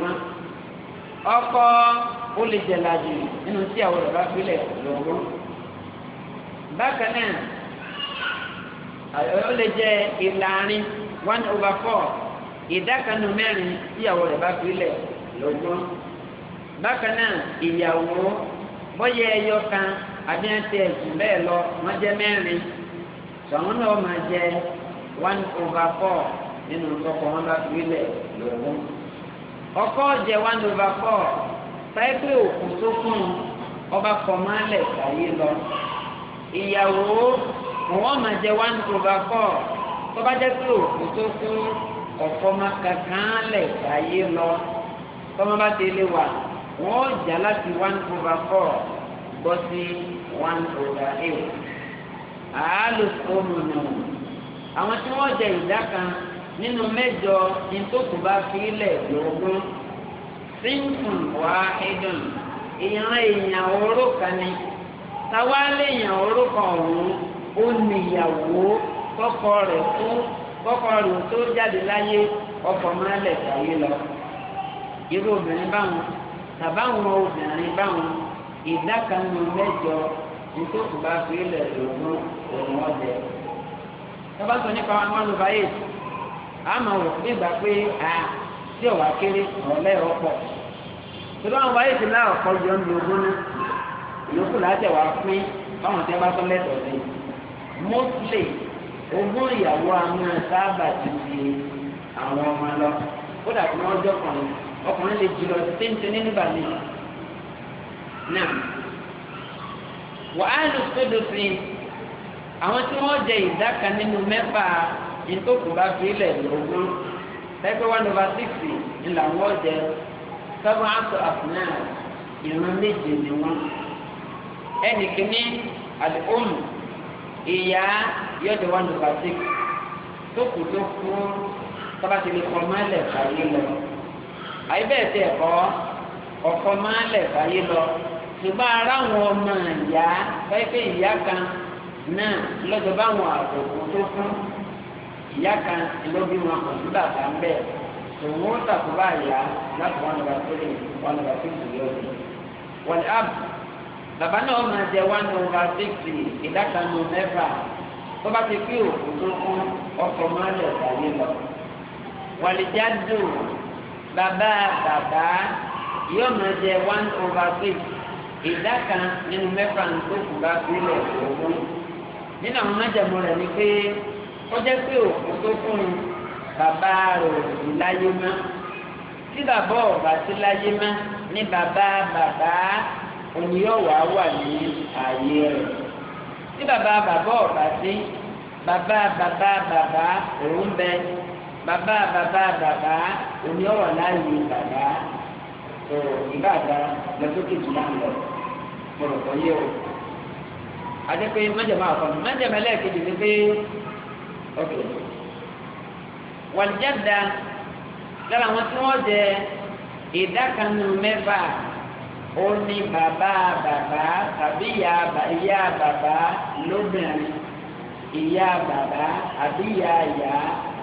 jẹ ọkọ ó lè jẹ̀lá jù nínú tí àwọn ọ̀rọ̀ bá gbélẹ̀ lọ́wọ́ bákan náà ó lè jẹ ìlàrin one over four ìdá kan nínú mẹ́rin tí àwọn ọ̀rọ̀ bá gbélẹ̀ lọ́wọ́ bákan náà ìyàwó bọ́yẹ ẹyọ kan àbíyànjẹ ẹ̀sùn bẹ́ẹ̀ lọ wọ́n jẹ́ mẹ́rin sọ̀rọ̀ náà máa jẹ one over four nínú tọkọ wọn bá gbélẹ̀ lọ́wọ́ ọkọ jẹ one over four pẹ́ẹ́pẹ́ òkú tó kún ọba kọ̀mọ́lẹ̀ káyé lọ ìyàwó wọn máa jẹ one over four tọ́ba jẹ́ pé òkú tó kún ọ̀fọ́ máa kankan lẹ̀ káyé lọ tọ́mọ bá ti lé wa wọn ò jà láti one over four bọ́ sí one over eight àálùfóònù nù àwọn tí wọ́n jẹ ìdá kan nínú mẹ́jọ nítòkùnbá fílẹ̀ lógún sínkùn wá ẹ̀dùn ìran èèyàn oró kan ni táwa léèyàn oró kan ọ̀hún ó níyàwó kọ́kọ́ rẹ̀ fún kọ́kọ́ rẹ̀ tó jáde láyé ọkọ̀ máa lẹ̀ sáyé lọ irú obìnrin báwọn tàbáwọn obìnrin báwọn ìdá kan nínú mẹ́jọ nítòkùnbá fílẹ̀ lógún òun ọ̀dẹ. tọ́ba sọ nípa one over eight a máa wò nígbà pé a tí ọ̀wá kéré ọ̀lẹ́ ọ̀pọ̀ tó dáwọn báyìí ti náà ọ̀pọ̀ yọ ní ogún ní ìyókù láti wá pín báwọn tí a bá tó lẹ́tọ̀ọ́ sí mọ́tìlẹ̀ ogún ìyàwó àwọn sábà ti di àwọn ọmọ lọ ó dàbí wọn ọjọ́ kan ọkùnrin lè jùlọ téńté nínú ìbàlẹ̀ náà wàhálù sódò sí àwọn tí wọ́n jẹ ìdá nínú mẹ́fà ìtòkùn bá fi ilẹ̀ lógún ẹgbẹ́ one over six ni làwọn jẹ seven out of nine ìran méje ni wọn ẹnì kìíní àdìhóòmù ìyá yọjọ one over six tókù tó kú tọ́bàtì lè kọ́ máa lẹ̀ fàyè lọ àyè bẹ́ẹ̀ tẹ̀ ọ́ ọ̀kọ́ máa lẹ̀ fàyè lọ ṣùgbọ́n ara wọn ọmọ ìyá fẹ́ẹ́ fẹ́ ìyá kan náà lọ́jọ́ báwọn àbùkù tó fún ìyá kan lóbi wọn kò sí bàbá ń bẹ òun ó sàkóbá ìyá láti wọn lọba tó lè wọn lọba tó lè yọ ọdún wọn ab bàbá náà máa jẹ one over sixty ìdá kan nù mẹ́fà tó bá ti pé òkú tó kún ọkọ̀ máa lẹ̀ sàyé lọ wọn lè já dùn bàbá bàbá yóò máa jẹ one over sixty ìdá kan nínú mẹ́fà tó kù bá fi lẹ̀ òkú nínú àwọn májàmú rẹ̀ ni pé kọjá pé òkú tó fún un bàbá rẹ̀ ò sí láyé mọ́ tí bàbá ọ̀bà sí láyé mọ́ ní bàbá bàbá oníyọ̀wá wà ní ààyè rẹ̀ tí bàbá bàbá ọ̀bà sí bàbá bàbá bàbá òun bẹ bàbá bàbá bàbá oníyọ̀wá láyé bàbá ìbáàdá lọ́sọ́kè jù náà lọ mọ̀rọ̀ kọ́ yé o. àti pé májèmá àkọ́ni májèmá ẹlẹ́ẹ̀kejì ni pé ọ̀kẹ́ wàlìjáda lára àwọn tí wọ́n jẹ ìdá kan nínú mẹ́fà ó ní bàbá bàbá tàbí ìyá ìyá bàbá lóbìnrin ìyá bàbá àbí ìyá ìyá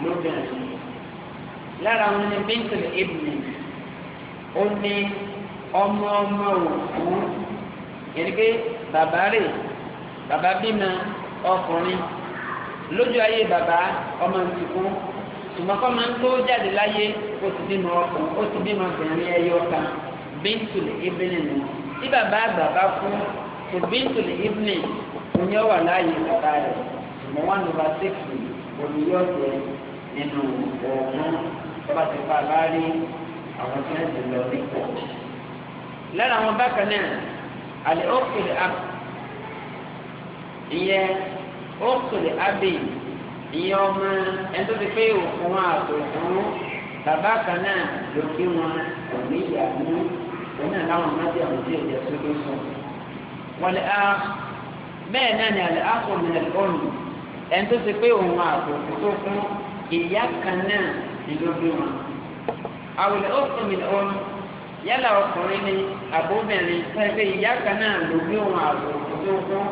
lóbìnrin lára wọn ni bíntì ìbùnì ó ọmọ ọmọ òkú yẹn ni pé bàbá rè bàbá bímọ ọkùnrin lójú ayé bàbá ọmọ nìkún ṣùgbọ́n kọ́ máa ń tó jáde láyé ó ti bímọ ọkùnrin ó ti bímọ obìnrin ẹyọ kan bíntùlì ibìnrin nù tí bàbá bàbá fún kò bíntùlì ibìnrin òní ọwà láàyè bàbá rẹ mọ wọn ló bá tẹkì òní yóò jẹ nínú òògùn tó bá ti fa láàrí àwọn tí wọn ti lọ nípò. lára àwọn bákan náà àlè ó kiri àpò ìyẹn ọkùnrin abẹ ìyẹn ọmọ ẹni tó ti pé òkun àtòkùn bàbá kan náà ló kí wọn òní ìyàwó òun náà láwọn ọmọdé àwọn tí ìjẹ tó ló sùn. wọlé a bẹ́ẹ̀ náà ni àlẹ́ akọ̀nà ọ̀nù ẹni tó ti pé òun àtòkùn tó fún ìyá kan náà ló bí wọn. àwòlẹ̀ ọkùnrin ọ̀nù yálà ọkùnrin ni àbóbìnrin pẹ́ẹ́pẹ́ ìyá kan náà ló bí òun àtòkùn tó fún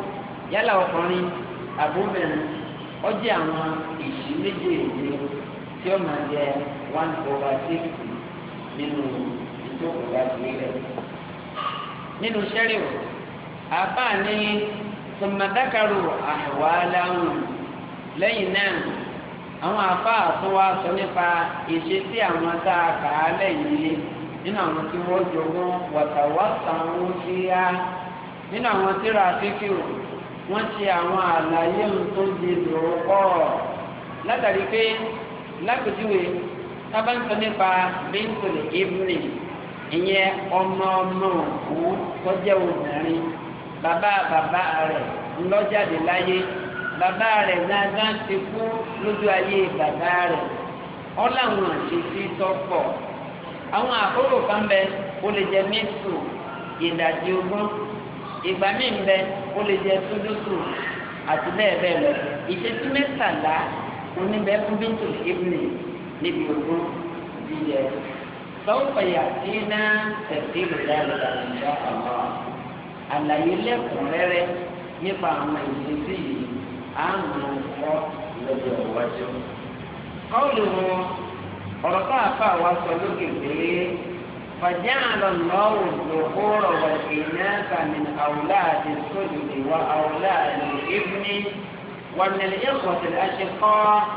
yálà ọkùnrin. àbúbẹ̀rẹ̀ ọjọ́ àwọn ìṣí méjèèjì tí ó máa jẹ one over six nínú ètò ọ̀gá ìpínlẹ̀. nínú sẹ́ríò àbá ní tòmọ̀dákàrò àwọ̀ aláwọ̀ lẹ́yìn náà àwọn àfáà tó sọ nípa ìṣe tí àwọn tá a kà á lẹ́yìn nínú àwọn tí wọ́n sí á nínú àwọn wọ́n ṣe àwọn àlàyé tó di lòókọ́ látàrí pé lápèjúwe sábà ń nípa bíntòlì ibùrì ìyẹn ọmọ ọmọ òkú tọ́jẹ́ obìnrin bàbá bàbá rẹ̀ ńlọ́jáde láyé bàbá rẹ̀ gángan ti kú lójú ayé bàbá rẹ̀ ọ́ làwọn àwọn kan ó lè ìgbà míì ń bẹ ó lè jẹ sódótò àti bẹ́ẹ̀ bẹ́ẹ̀ lọ ìṣesí mẹ́tàlá oníbẹ̀ fún bíntò ìbùnì níbi òkú jíjẹ sọ́wọ́pọ̀ yàtí náà tẹ̀sí ìrọ̀lẹ́ àlùkà ìjà àwọn àlàyé lẹ́kùnrẹ́rẹ́ nípa àwọn ìṣesí yìí á mú ọ lọ́jọ́ iwájú. kọ́ọ̀lù wọn ọ̀rọ̀ tá a fà wá sọ lókè pé فجعل الله الذكور والإناث من أولاد السجن وأولاد الابن ومن الإخوة الأشقاء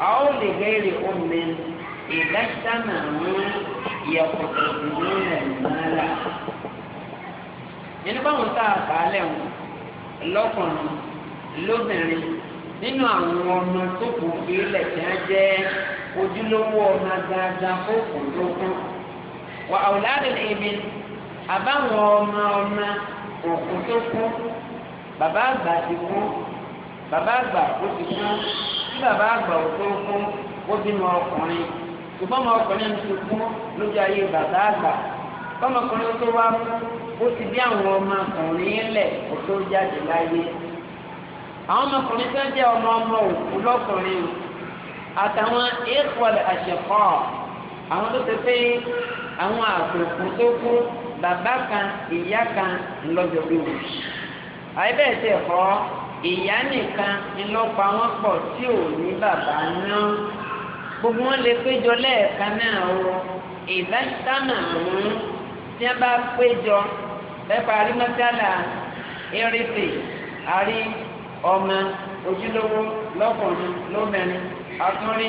أو لغير أم إذا اجتمعوا يقتسمون المال nínú báwọn tá a fà á lẹ́wọ̀n lọ́kùnrin lóbìnrin nínú àwọn ọmọ tó kù fi ilẹ̀ jẹ́ ojúlówó ọmọ dáadáa fóònù tó wà àwòládì ẹ̀mí àbáwọn ọmọ ọmọ òkú tó kú bàbá àgbà ti kú bàbá àgbà ó ti kú tí bàbá àgbà ó tó kú ó bímọ ọkùnrin ṣùgbọ́n ọmọ ọkùnrin ti kú lójú ayé bàbá àgbà ọmọkùnrin tó wá kú ó ti bí àwọn ọmọkùnrin lẹ̀ ó tó jáde láyé àwọn ọmọkùnrin tó jẹ́ ọmọ ọmọ òkú lọ́kùnrin àtàwọn èèkù àṣẹkọ́ọ̀ àwọn tó ti pé àwọn àtòkùn tó kú bàbá kan ìyá kan ńlọ́jọ́ bí wù. àìbẹ́ẹ̀ tẹ̀ kọ́ ìyá nìkan ńlọ́pọ̀ àwọn pọ̀ tí ò ní bàbá náà gbogbo wọn lè péjọ lẹ́ẹ̀kan náà o ìbáṣítánà ọ̀hún tí wọ́n bá péjọ lẹ́pà arímọ́sálà irisì àrí ọmọ ojúlówó lọ́kùnrin lóbìnrin àtúnrí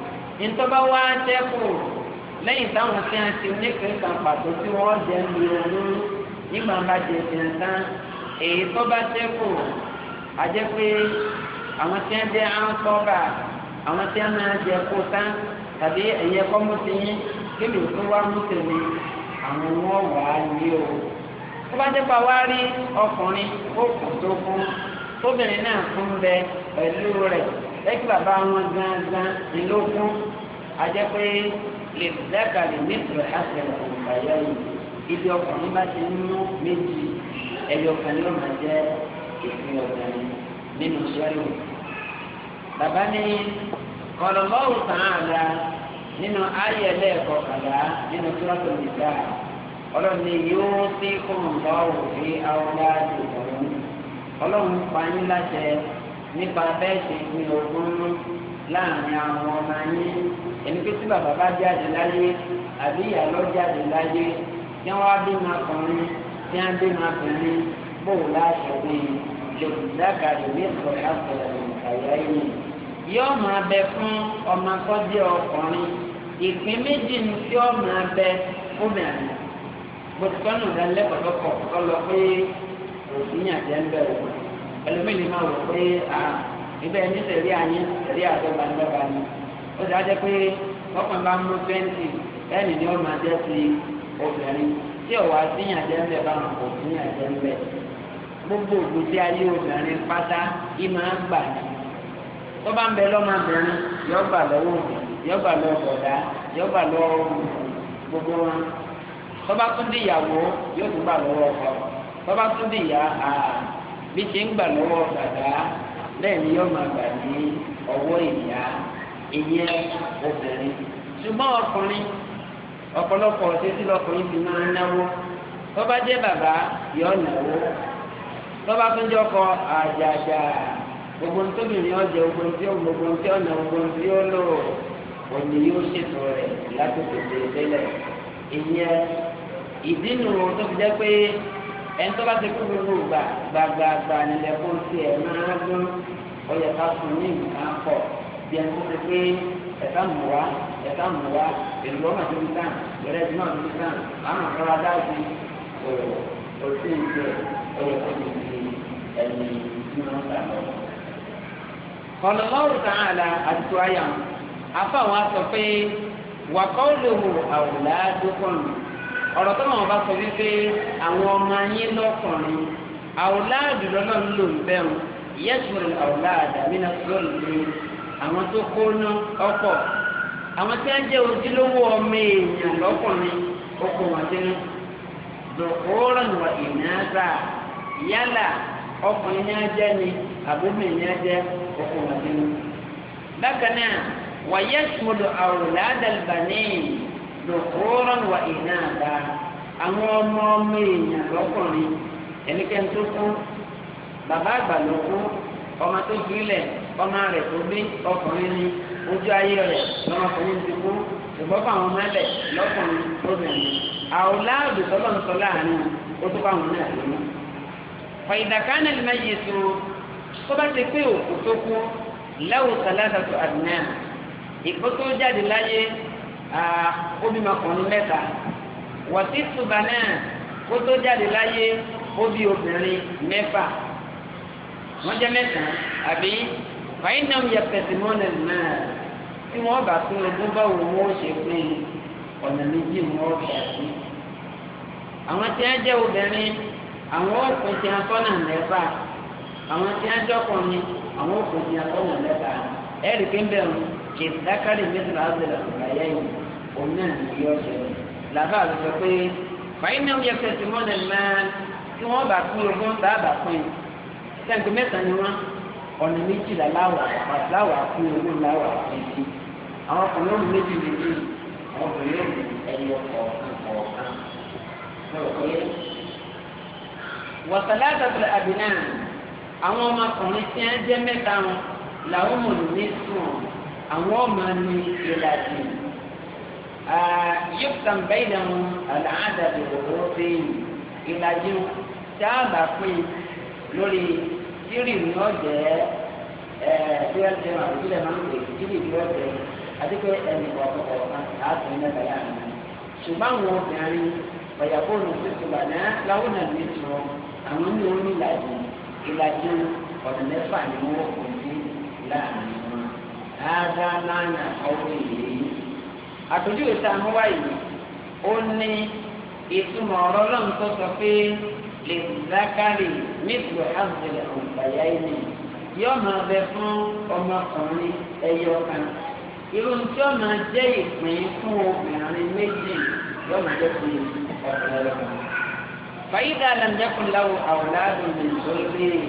ntọ́ba wá sẹ́kù lẹ́yìn táwọn tí a ti oníkèé kan pàtó tí wọ́n jẹ́ ń lo owó nígbà bá jẹ ìpìlẹ̀ tán èyí tó sẹ́kù àjẹ́ pé àwọn tí a jẹ́ àǹkọ́bà àwọn tí a máa jẹ kó tán tàbí ẹ̀yẹ o. tó bá jẹ́ pa wá rí ọkùnrin ó tó tóbìnrin lẹ́kí bàbá wọn gángan ńlógún ajẹ́ pé lè dáka lè nítorí àṣẹlẹ̀ òǹkàyà yìí ibi ọkùnrin bá ti ń mú méjì ẹyọ kan ló máa jẹ́ ìpín ọ̀gbìn nínú sẹ́lù. bàbá ní kọlọ́mọ́wù kan àlá nínú ayé ẹlẹ́ẹ̀kọ̀kàlá nínú tíwájú nìgbà ọlọ́ni yóò sí kó ń òfin àwọn ọlá àti ìtọ́jú ọlọ́run pa yín láṣẹ nípa bẹ́ẹ̀ ṣe fi ogún láàrin àwọn ọmọ yín ẹni pé tí bàbá bá jáde láyé àbí ìyá lọ jáde láyé tí wọ́n á bí máa kọrin tí wọ́n á bí máa bẹ̀rẹ̀ bóun láṣọ pé lòdùdákàdé ní ìsọ̀rọ̀ àpẹẹrẹ ìkàyà yìí yóò máa bẹ fún ọmọ kọ́jú ọkùnrin ìpín méjì ní tí ó máa bẹ fúnbẹ̀rẹ̀ mo ti kọ́nù ìdánilẹ́kọ̀ọ́ lọ́kọ̀ọ́ lọ pé òsì yàn jẹ́ ń bẹ̀rẹ̀ ẹlòmíì lè máa wọ̀ pé ibẹ̀ ní sẹ̀rí àní sẹ̀rí àdọ́gba ńlọ́gba ni ó sì á jẹ́ pé ọkùnrin bá ń mú ni ó máa jẹ́ ti obìnrin tí ọ̀wá síyàn jẹ́ ńlẹ̀ bá wọn kò síyàn jẹ́ gbogbo ògbésí ayé obìnrin pátá yìí máa ń gbà ní tó bá ń bẹ lọ́mọbìnrin gbogbo wọn tó bá bí ṣe ń gbà lọ́wọ́ bàbá bẹ́ẹ̀ ni yóò máa gbà ní ọwọ́ ìyá ìyẹn obìnrin ṣùgbọ́n ọkùnrin ọ̀pọ̀lọpọ̀ títí lọkùnrin ti máa ń náwó tó bá jẹ́ bàbá yóò náwó tó bá tún jẹ́ ọkọ àjàjà gbogbo tóbìnrin ọjọ́ gbogbo tí ó gbogbo tí ó nà gbogbo tí ó lò òní yóò ṣètò rẹ̀ látòkè délẹ̀ ìyẹn ìdí nù tó fi jẹ́ pé ẹni tó bá ti kú gbogbo gbà gbàgbàgbà nílẹ̀ kó tiẹ̀ máa gún ọyẹ ká fún ní nǹkan pọ̀ bí ẹni tó ti pé ẹ̀ka mùwá ẹ̀ka mùwá èlùbọ́ máa ti fi tán ìrẹ́ ti máa ti fi tán àwọn àkàrà dáàbò ọ̀rọ̀ òsì ìjẹ ọyẹ kó ti di ẹni tí wọ́n ń sàlọ̀. ọ̀nà lọ́rù sàhálà àdìtú àyà àfàwọn sọ pé wàkọ́ àwòlá dókòrò ọ̀rọ̀ tó náà bá sọ wípé àwọn ọmọ yín lọ́kùnrin àwòláàdì lọ́nà ń lò ń bẹ̀rù yẹ́sùn àwòláàdì àmínà sọ́ọ̀lù ni àwọn tó kó ná ọkọ̀ àwọn tí wọ́n jẹ́ ojúlówó ọmọ èèyàn lọ́kùnrin okùn wọn sínú dọ̀kọ́rọ̀ wà ìnáàtà yálà ọkùnrin ní ajẹ́ ni àbúmi ní ajẹ́ okùn wọn bákan náà wà yẹ́sùn àwòláàdì àlùbáníyì dòkúrán wà iná àdá àwọn ọmọ ọmọ èèyàn lọkùnrin ẹnikẹ́ni tó kú bàbá àgbà ló kú ọmọ tó gbilẹ̀ ọmọ rẹ̀ tó bí ọkùnrin ní ojú ayé rẹ̀ lọ́mọkùnrin ti kú ṣùgbọ́n fún àwọn ọmọ ẹlẹ̀ lọ́kùnrin lóbìnrin àwòláàdù tọ́lọ̀ ń sọ láàrin ó tó bá wọn náà lónìí. fàyìdàkánà lè má yẹ tó tó bá ti pé òkú tó kú láwùsàlá àdùnnà obìnrin ah, mẹ́ta wọ́tí tuba náà kó tó jáde láyé obì obìnrin mẹ́fà wọ́n jẹ́ mẹ́ta àbí fàyín náà yẹ pẹ̀sìmọ́nà náà tí wọ́n bá tún ogún báwo wọ́n ṣe pé ọ̀nà méjì wọ́n bá sí. àwọn tí wọ́n jẹ́ obìnrin àwọn òkun tí wọ́n tọ́nà mẹ́fà àwọn tí wọ́n jọkùnrin àwọn òkun tí wọ́n tọ́nà mẹ́fà ẹ̀rì pé ń bẹ̀rù kì í dákàrí mẹ́tìlá àbẹ̀rẹ̀ àbẹ̀rẹ̀ yẹ́yìn òun náà ní yọ ṣe làbá ló sọ pé fàyín náà yẹ fẹsẹ̀ mọ́lẹ̀ máa tí wọ́n bá pín ogún tá a bá pín sẹ́ńtì mẹ́ta ni wọ́n ọ̀nà méjìlá láwà láwà pín ogún láwà pín sí àwọn ọkùnrin ọ̀hún méjì méjì àwọn obìnrin ọ̀hún ẹ̀yọ kọ̀ọ̀kan kọ̀ọ̀kan lọ́wọ́ wọ̀sálá àtàkùn àbínà àwọn ọmọkùnrin tí wọ́n jẹ́ mẹ́ta wọn làwọn mọ̀lùmí sùn àwọn ọmọ ní ìlàjì yíkan bẹ́ẹ̀ náà àlàáda lòrò bẹ́ẹ̀ ìlàjì sábà pín lórí tírì ní ọ̀jẹ̀ ẹ̀ẹ́dẹ́gbẹ̀rún àwọn ìbílẹ̀ máa ń pè tírì ní ọ̀jẹ̀ àti pé ẹnì kọ̀ọ̀kan kọ̀ọ̀kan láti ní ẹ̀ka yára nínú ṣùgbọ́n àwọn obìnrin ọ̀yàpọ̀ olùsèkùbà náà láwọn náà ní tu àwọn Ada lánàá ọ̀rọ̀ ìlú àpèjúwe tá a mú wáyé ó ní ìtumọ̀ ọ̀rọ̀ lọ́n tó sọ pé lè zákàrí mílíọ̀ àgbẹ̀lẹ̀ ọ̀gbàyà ẹni yóò máa bẹ fún ọmọkùnrin ẹyọ kan irú tí ó máa jẹ́ ìpín fún obìnrin méjì yóò máa jẹ́ fún ọ̀gbẹ̀lẹ̀ ọ̀gbẹ̀lẹ̀. fàyídà làǹdẹ́kùn láwọ àwòládùn nìjọ́lẹ́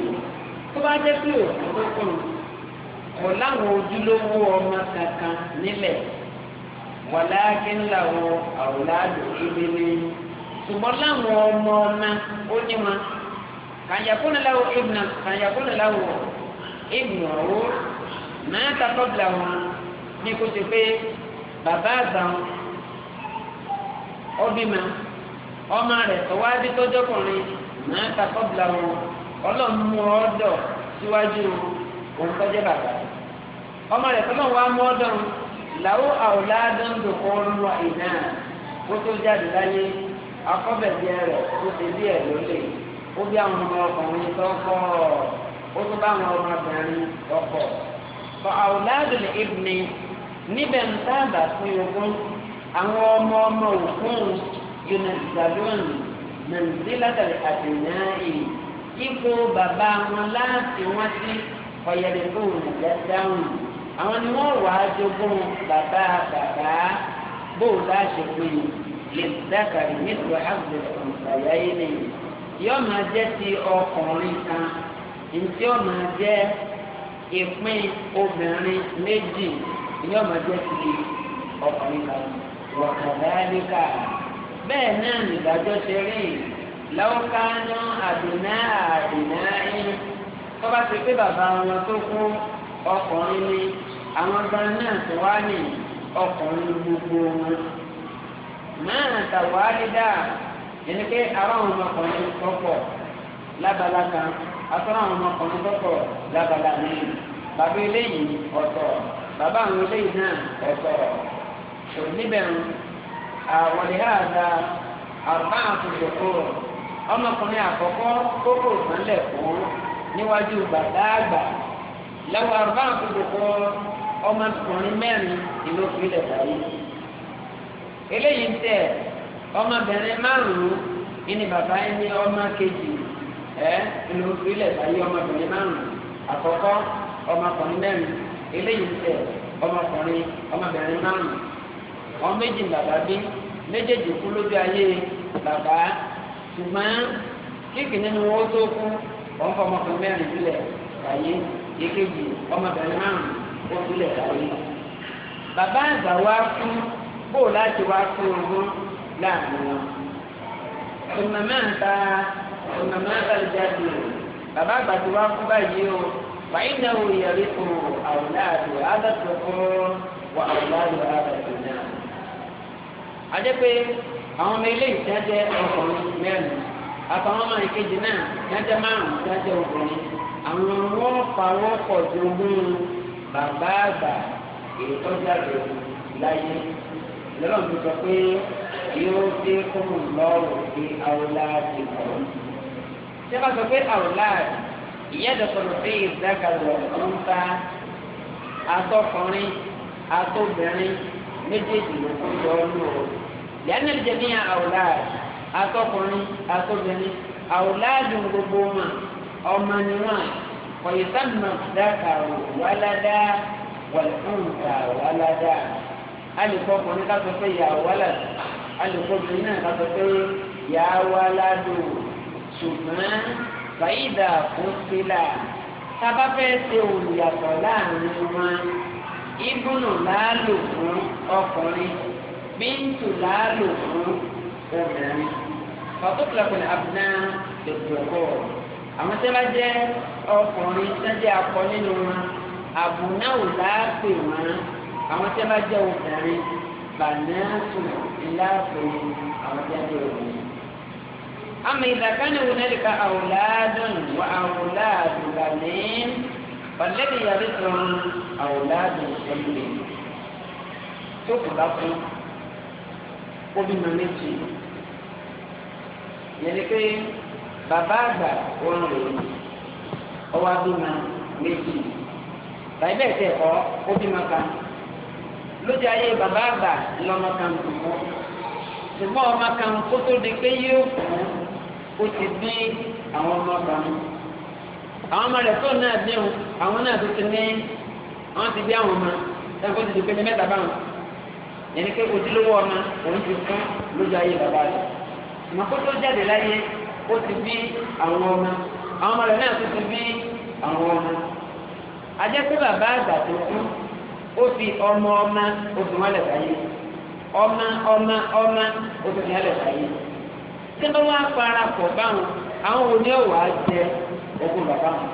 tó bá jẹ́ pé òkú tó kùn kò láwọn ojúlówó ọmọ kankan nílẹ̀ wàláàkín làwọn àwòláàdù ìdílé ṣùgbọ́n láwọn ọmọ ọmọ ó ní wọn kàyàkúnlẹ̀ láwọn ìbùnà kàyàkúnlẹ̀ láwọn ìbùnà owó máa takọ́ bìlà wọn bí kò ṣe pé bàbá àgbàwọn ọbìmọ ọmọ rẹ̀ tọwọ́ abí tọ́jọ́kùnrin máa takọ́ bìlà wọn ọlọ́mú ọ̀dọ̀ síwájú òun tọ́jẹ́ bàbá ọmọ rẹ̀ tọ́lọ́wọ́ á mú ọ̀dọ̀ wọn làwọn àwòládùn dòkó ọlọ́wọ́ àìná ó tó jáde láyé akọ́bẹ̀bíẹ rẹ̀ ó ti bí ẹ̀ lólè ó bí àwọn ọmọ ọkùnrin tọ́kọ̀ ó tó bá àwọn ọmọbìnrin tọ́kọ̀ fọ àwòládùn ìbùnì níbẹ̀ ń sábà fún ogún àwọn ọmọ ọmọ òkun yunifásitàdùn nàìjíríà àdìyàn yìí ipò wọn láti wọn sí ọ̀yẹ̀dẹ̀kùn ìjà dáhùn àwọn ni wọ́n wà á jogún bàbá bàbá bóò láṣẹ pé lè dákàrí nítorí àgbẹ̀ ọ̀nàyà yìí ni yóò máa jẹ́ ti ọkùnrin kan ntí yóò máa jẹ́ ìpín obìnrin méjì yóò máa jẹ́ ti ọkùnrin kan wọ̀kàdáríkà bẹ́ẹ̀ náà nìdájọ́ ṣe rí lọ́kàánú àdùnná àdùnná yín tó bá ti pé bàbá wọn tó kú. ọkùnrin ni àwọn gan náà tó wá ní ọkùnrin gbogbo wọn máa tàwa dídá ẹni pé ara àwọn ọmọkùnrin tọpọ lábala kan atọ́nà àwọn ọmọkùnrin tọpọ lábala ní bàbá eléyìí ọ̀tọ̀ bàbá àwọn eléyìí náà ọ̀tọ̀ kò níbẹ̀ ń àdá àrùbá ọmọkùnrin àkọ́kọ́ kókò sánlẹ̀ fún níwájú lọ́wọ́ àbá àkókò ọmọkùnrin mẹ́rin ìlú ìpínlẹ̀ báyìí eléyìí ń tẹ̀ ọmọbìnrin márùn-ún ìní bàbá yẹn ní ọmọ kejì ẹ ìlú ìpínlẹ̀ báyìí ọmọbìnrin márùn-ún àkọ́kọ́ ọmọkùnrin mẹ́rin eléyìí ń tẹ̀ ọmọkùnrin ọmọbìnrin márùn-ún ọmọ méjì bàbá bí méjèèjì kú lójú ayé bàbá ṣùgbọ́n kíkì nínú wọn tó kú ọ̀nfọmọkùnrin mẹ́rin sílẹ̀ báyìí èkejì ọmọbìnrin márùn ó sílẹ̀ láyé bàbá àgbà wá fún bó láti wá fún ogún láàrin wọn ọmọ máa ń ta ọmọ máa ń tàbí jáde bàbá àgbà ti wá fún báyìí o wàyí náà ó yẹrí fún àwòláàdù àdàtúkọ wà àwòláàdù àdàtú náà. àjẹ́ pé àwọn ọmọ ilé ìtẹ́jẹ́ ọkùnrin mẹ́rin àtàwọn ọmọ ìkejì náà ìtẹ́jẹ́ márùn-ún ìtẹ́jẹ́ obìnrin àwọn wọn pa wọn pọ̀ jogún bàbá àgbà èyí tó jáde láyé lọ́rọ̀ mi sọ pé yóò dé kúrò lọ́rùn sí àwòláàdì kan. ṣé wàá sọ pé àwòláàdì ìyá ìdọ̀kọ̀nù sí ìdákàlọ̀ ń ta atọ́kùnrin atọ́bìnrin méjèèjì ló kún yọ ọ́nù o. lẹ́yìn ìjẹ́ ní àwòláàdì atọ́kùnrin atọ́bìnrin àwòláàdì gbogbo wọn ọmọ ni wọn kọ̀yí sáàmù dákàrò wáládá wàlúùnkà wáládá alùpùpù ọkùnrin ká sọ pé yà wáládá alùpùpù obìnrin náà ká sọ pé yà wáládó ṣùgbọ́n fàyídà fún sílà tábà fẹ́ ṣe olùyàtọ̀ láàrin wọn ibùnù láàlò fún ọkùnrin bíntù láàlò fún obìnrin. fàtúkìlà kò ní abúlé lè gbọ́kọ̀ àwọn tí wọ́n jẹ́ ọkùnrin tí wọ́n jẹ́ akọ nínú wọn àbùnáwò láàpè wọn àwọn tí wọ́n jẹ́ obìnrin bànáàtù láàpè àwọn tí wọ́n jẹ́ obìnrin. àmì ìdàkánì wo náà lè àwòládùn wọ àwòládùn bàní pàlẹ́bí yàrá ìtàn àwòládùn ṣẹlẹ̀ tó kù bá fún obìnrin méjì yẹn ni pé bàbá àgbà wọn rè é ọwọ́ abúlé méjì báyìí bẹ́ẹ̀ tẹ̀ ọ́ ó bí maka lójú ayé bàbá àgbà lọ́mọ kan kù mọ́ ṣùgbọ́n ọmọ kan kó tó di pé yóò kú ó ti bí àwọn ọmọ kan àwọn ọmọ rẹ̀ tó náà bí wọn àwọn náà tó ti ní àwọn ti bí àwọn ọmọ ẹni kó ti di pé ní mẹ́ta báwọn ẹni pé ojúlówó ọmọ òun ti kán lójú ayé bàbá rẹ̀ ṣùgbọ́n jáde láyé. ó ti bí àwọn ọmọ àwọn ọmọ rẹ̀ náà tó ti bí àwọn ọmọ ajẹ́ bàbá àgbà tó kú ó fi ọmọ ọmọ oṣù wọn lẹ̀ sáyé ọmọ ọmọ ọmọ oṣù wọn lẹ̀ sáyé tí wọ́n wá para pọ̀ báwọn àwọn òní ọ̀wà jẹ ogún bàbá wọn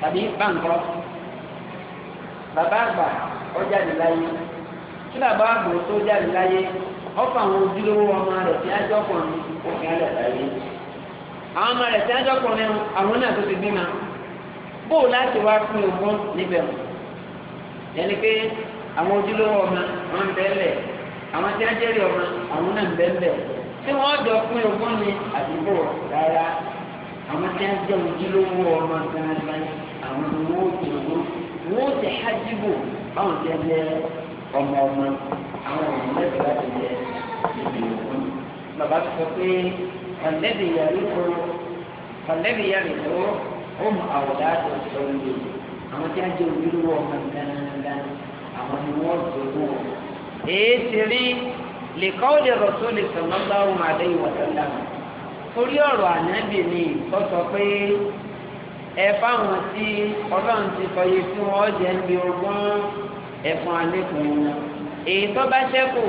tàbí báńkọ́ bàbá àgbà ọjà lè láyé tí bàbá àgbà tó jáde àwọn ọmọ rẹ̀ tí wọ́n jọkùnrin àwọn náà tó ti bímọ bóò láti wá pín níbẹ̀ pé àwọn ojúlówó ọmọ wọn bẹ́ẹ̀ lẹ̀ àwọn tí ọmọ àwọn náà bẹ́ẹ̀ tí wọ́n jọ àdúgbò rárá àwọn tí ojúlówó ọmọ àwọn wọ́n ti báwọn tí ọmọ فالذي يرثه فالذي يرثه هم أولاد الصليب àwọn tí a jẹ òbílú ọmọ dandan àwọn ni wọn dòwò èé ti rí lèkọ́ọ̀lì rọ̀sọ́lì sallallahu alaihi wa sallam orí ọ̀rọ̀ ànábì ni tó sọ pé ẹ fáwọn tí ọlọ́run ti sọyé tí wọ́n jẹ́ ń bi ogún ẹ̀fọn alẹ́kùn wọn èyí tó bá ṣẹ́kù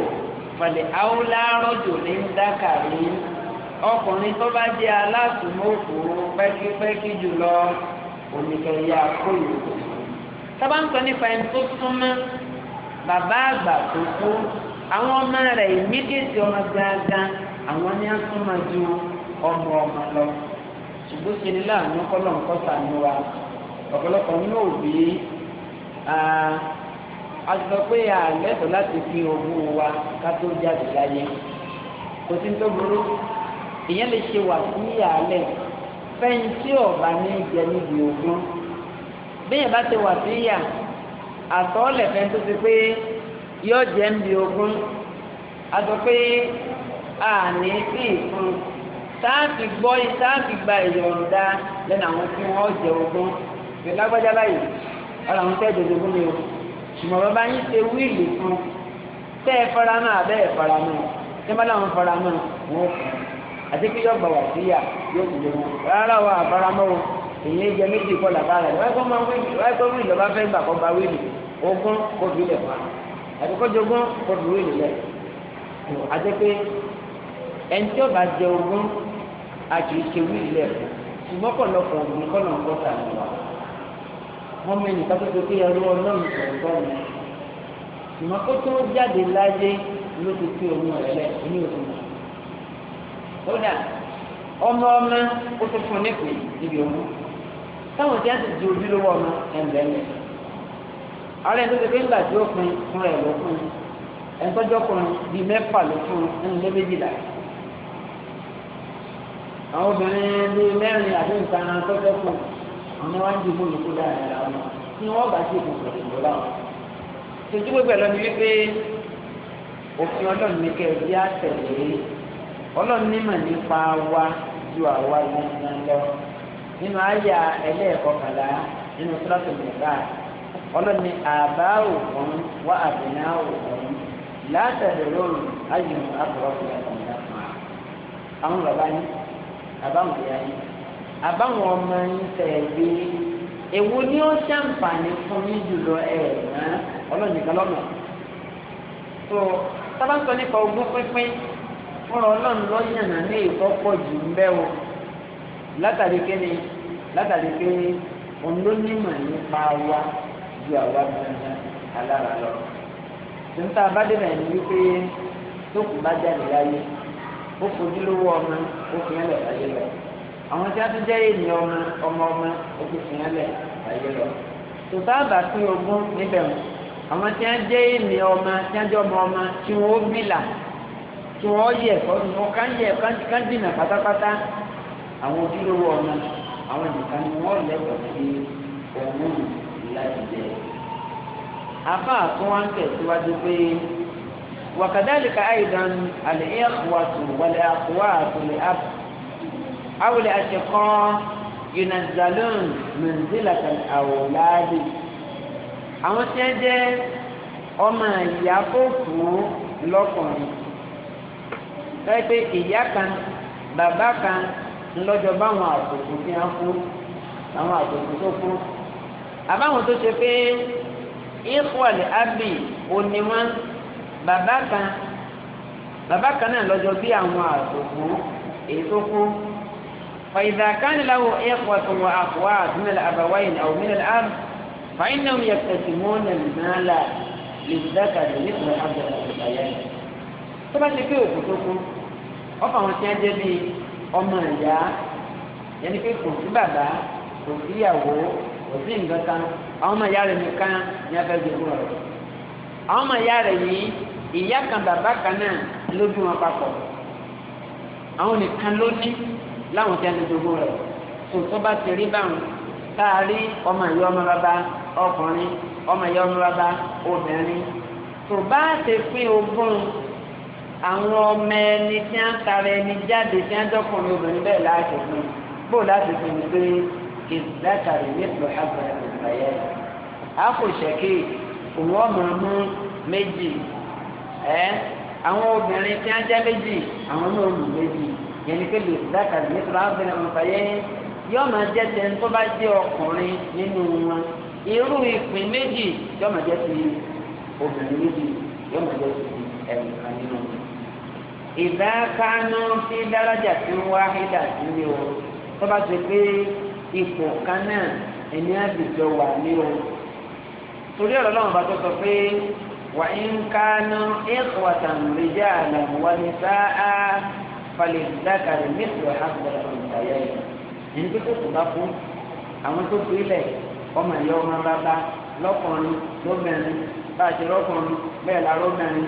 fọ̀lẹ̀ àwòlárọ̀jò ní dákàrí ọkùnrin tó bá jẹ́ alásùmọ́kù pẹ́kípẹ́kí jùlọ oníkẹyà kóyò sábà ń sọ nípa ẹni tó súnmọ́ bàbá àgbà tó kú àwọn ọmọ rẹ̀ ìmídìtì ọmọ gángan àwọn ní á súnmọ́ ju ọmọ ọmọ lọ ṣùgbọ́n ṣe ní láàánú kọ́lọ̀ nǹkan sànú wa ọ̀pọ̀lọpọ̀ ní òbí a sọ pé àlẹ́tọ̀ láti fi owó wa ká tó jáde láyé kò sí tó ìyẹn lè ṣe wà sí ìyàlẹ̀ fẹ́yìn tí ọ̀bà ní jẹ níbi ògún bẹ́yẹn bá ṣe wà sí ìyà àtọ́ọ̀lẹ̀ fẹ́ tó ti pé yọ jẹ́ níbi ògún a sọ pé àní sí ìfún sáàfì gbọ́ sáàfì gba ìyọ̀ǹda lẹ́nu àwọn tí wọ́n jẹ ògún ìlágbájá báyìí ọ̀rọ̀ àwọn tẹ́ jẹ ògún ni o ṣùgbọ́n bàbá yín ṣe wíìlì fún tẹ́ ẹ fara náà abẹ́ ẹ fara náà tẹ́ bá láwọn fara náà wọ́n fún un àti kí yọ̀gbà wà sí yà yóò wù lówó rárá wa àfaramọ́wò ìyẹn jẹ méjì kọ́ làbá rẹ̀ wáyé kọ́ máa ń wíìlì wáyé kọ́ wíìlì lọ́ba fẹ́ gbà kọ́ ba wíìlì ogún kó fi lẹ̀ fa àti kọ́ jogún kó fi wíìlì lẹ̀ àti pé ẹni tí ọba jẹ ogún a kì í ṣe wíìlì lẹ̀ ṣùgbọ́n pọ̀lọpọ̀ ògùn kọ́ náà kọ́ sàmì wa wọ́n mú ẹnì kápẹ́ pé ẹrú ọlọ́run sọ̀rọ̀ ṣùgbọ́n kó tó jáde láyé ló ti pé òun rẹ̀ lẹ̀ ní òun kódà ọmọ ọmọ o tó fún nípò níbi òmù táwọn tí a ti di ojúlówó ọmọ ẹ̀ǹdẹ̀ ẹ̀ ara ẹni tó ti fi ń gbà tí ó pin fún ẹ̀ ló fún ẹ̀ńtọ́jọ́ kan di mẹ́fà ló fún ẹni lé méjìlá àwọn obìnrin bíi mẹ́rin àti nǹkan tọ́jọ́ kan àwọn wá ń di bóyá kó dáadáa ọmọ tí wọ́n bá ti kùn pẹ̀lú ìbò láwọn. tòjú gbogbo ẹ̀ lọ ni wípé òfin ọlọ́run ní kẹ́ ẹ̀ bí á tẹ̀lé ọlọ́run nímọ̀ nípa wa ju àwa gbọ̀ngàn lọ nínú àyà ẹlẹ́ẹ̀kọkànlá nínú sọ́lọ́tò mẹ́ta ọlọ́ni àbá òkun wá àbìnà òkun látàdúró ayò àbúrọ̀kù àbìnà fún àwọn bàbá yín àbáwọn ìyá yín àbáwọn ọmọ yín tẹ̀lé èwo ni ó ṣàǹfààní fún yín jùlọ ẹ̀ mọ́ ọlọ́ni kan lọ́nà tó sábà sọ nípa ogún pínpín fún ọlọ́run lọ yànnà ní ìkọ́pọ̀ jù ń bẹ́ o látàrí kíni látàrí kíni òun ló nímọ̀ nípa wa ju àwa gbọ̀ngàn alára lọ. tuntun tá a bá débẹ̀ ní wípé tó kù bá jáde láyé ó fojú lówó ọmọ ó fi hàn lẹ̀ láyé lọ àwọn tí a tún jẹ́ ènìyàn ọmọ ọmọ ọmọ ó fi fi hàn lẹ̀ láyé lọ. tí wọ́n yẹ ẹ̀kọ́ ni wọ́n kán yẹ kán dìnà pátápátá àwọn ojúlówó ọ̀nà àwọn nìkan ni wọ́n lẹ́kọ̀ọ́ sí ọ̀hún láti jẹ. afa àtún wá ń tẹ̀síwájú pé wàkàdálìkà àìdán àlẹ́ ẹ̀kọ́wàtò wàlẹ́ àkọ́wàtò lè áp àwòlẹ̀ àṣekọ́ yunazalon mẹ́ńdílàkà àwòláàdì àwọn tí wọ́n jẹ́ ọmọ ìyá kó kú lọ́kùnrin ẹ pé ìyá kan bàbá kan ńlọ́jọ́ báwọn àkókò tí wọ́n kú àwọn àkókò tó kú àbáwọn tó ṣe pé ìfọ̀lì ábì òní wọn bàbá kan bàbá kan náà lọ́jọ́ bí àwọn àkókò èyí tó kú فإذا كان له إخوة وأخوات من الأبوين أو من الأب فإنهم يقتسمون المال للذكر مثل حظ الأنثيين tó bá ṣe pé òkú tó kú ọkọ àwọn tí wọn jẹ bíi ọmọ ìyá yẹn pé kò sí bàbá kò sí ìyàwó kò sí nǹkan kan àwọn ọmọ ìyá rẹ nìkan ni a fẹ́ gbé kúrò rẹ àwọn ọmọ ìyá rẹ yìí ìyá kan bàbá kan náà ló bí wọn papọ̀ àwọn nìkan ló ní láwọn tí a lè dogo rẹ kò tó bá ti rí báwọn tá a rí ọmọ ìyá ọmọ bàbá ọkùnrin ọmọ ìyá ọmọ bàbá obìnrin tó bá ti pín ogún àwọn ọmọ ẹni tí a ń tara ẹni jáde tí a ń dọ́kùnrin obìnrin bẹ́ẹ̀ láti fún un bó láti fún un pé ìdátàrí nípò àgbàrá ìgbàyà yìí a kò ṣẹ́kì òun ọmọ mú méjì ẹ́ àwọn obìnrin tí a ń jẹ́ méjì àwọn náà mú méjì yẹn ni pé ìdátàrí nípò àgbàrá ìgbàyà yìí yóò máa jẹ́ tẹ́ni tó bá jẹ́ ọkùnrin nínú wọn irú ìpín méjì yóò máa jẹ́ ti obìnrin méjì yóò máa jẹ́ ti ẹnìkan nínú wọn ìdákaná sí dáràjà tí ń wá hídà sí ni o tó bá ti pé ipò kan náà ẹni àdìjọ wà ní o torí ọ̀rọ̀ náà bá tó sọ pé wà ń kaná ikhwatan rijalan wa nisaa falidhakari mithlu hadha al-unthayayni ẹni tó kò bá fún àwọn tó fi ilẹ̀ ọmọ ẹ̀yọ́ ọmọ bàbá lọ́kùnrin lóbìnrin bá a ti lọ́kùnrin bẹ́ẹ̀ la lóbìnrin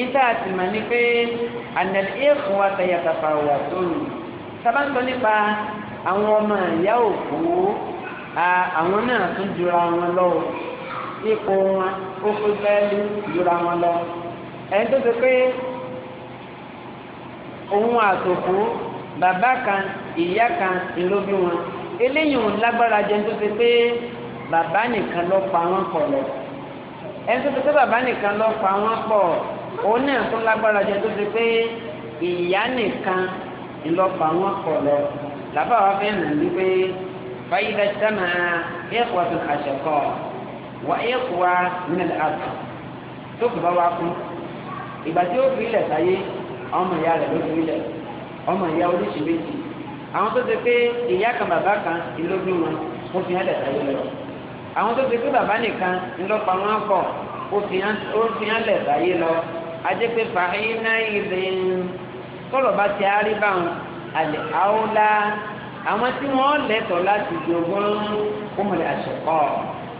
ìta àti mà ní pé ànàlẹ́kùn wa tẹ̀yàtàfà wà tóru sábàtọ́ nípa àwọn ọmọ ìyá òkú àwọn náà tún jura wọn lọ ipò wọn ó fi fẹ́ẹ́lú jura wọn lọ ẹni tó ṣe pé òun àtòkú bàbá kan ìyá kan ìlóbi wọn eléyìí òun lágbára jẹ tó ṣe pé bàbá nìkan ló pa wọn pọ̀ lọ ẹni tó ṣe pé bàbá nìkan ló pa wọn pọ̀ òun náà tún lágbára jẹ tó ti pé ìyá nìkan ńlọpàá wọn kọ lọ làbá wa fẹ́ nà ní pé sẹ́mà ẹ̀kọ́ tó tó fi bá wa kú ìgbà tí ó fi sáyé ọmọ ìyá rẹ̀ ló fi ọmọ ìyá àwọn tó ti pé ìyá kan bàbá kan wọn ó fi hàn lẹ̀ sáyé lọ àwọn tó ti pé bàbá nìkan wọn ó fi hàn lẹ̀ báyé lọ ajé pé fàáyínà ìlè ń tọ́lọ̀ bá ti árí báwọn àlẹ́ àwòlá àwọn tí wọ́n lẹ́tọ̀ọ́ láti jogún ó mọ̀lẹ́ àṣẹkọ́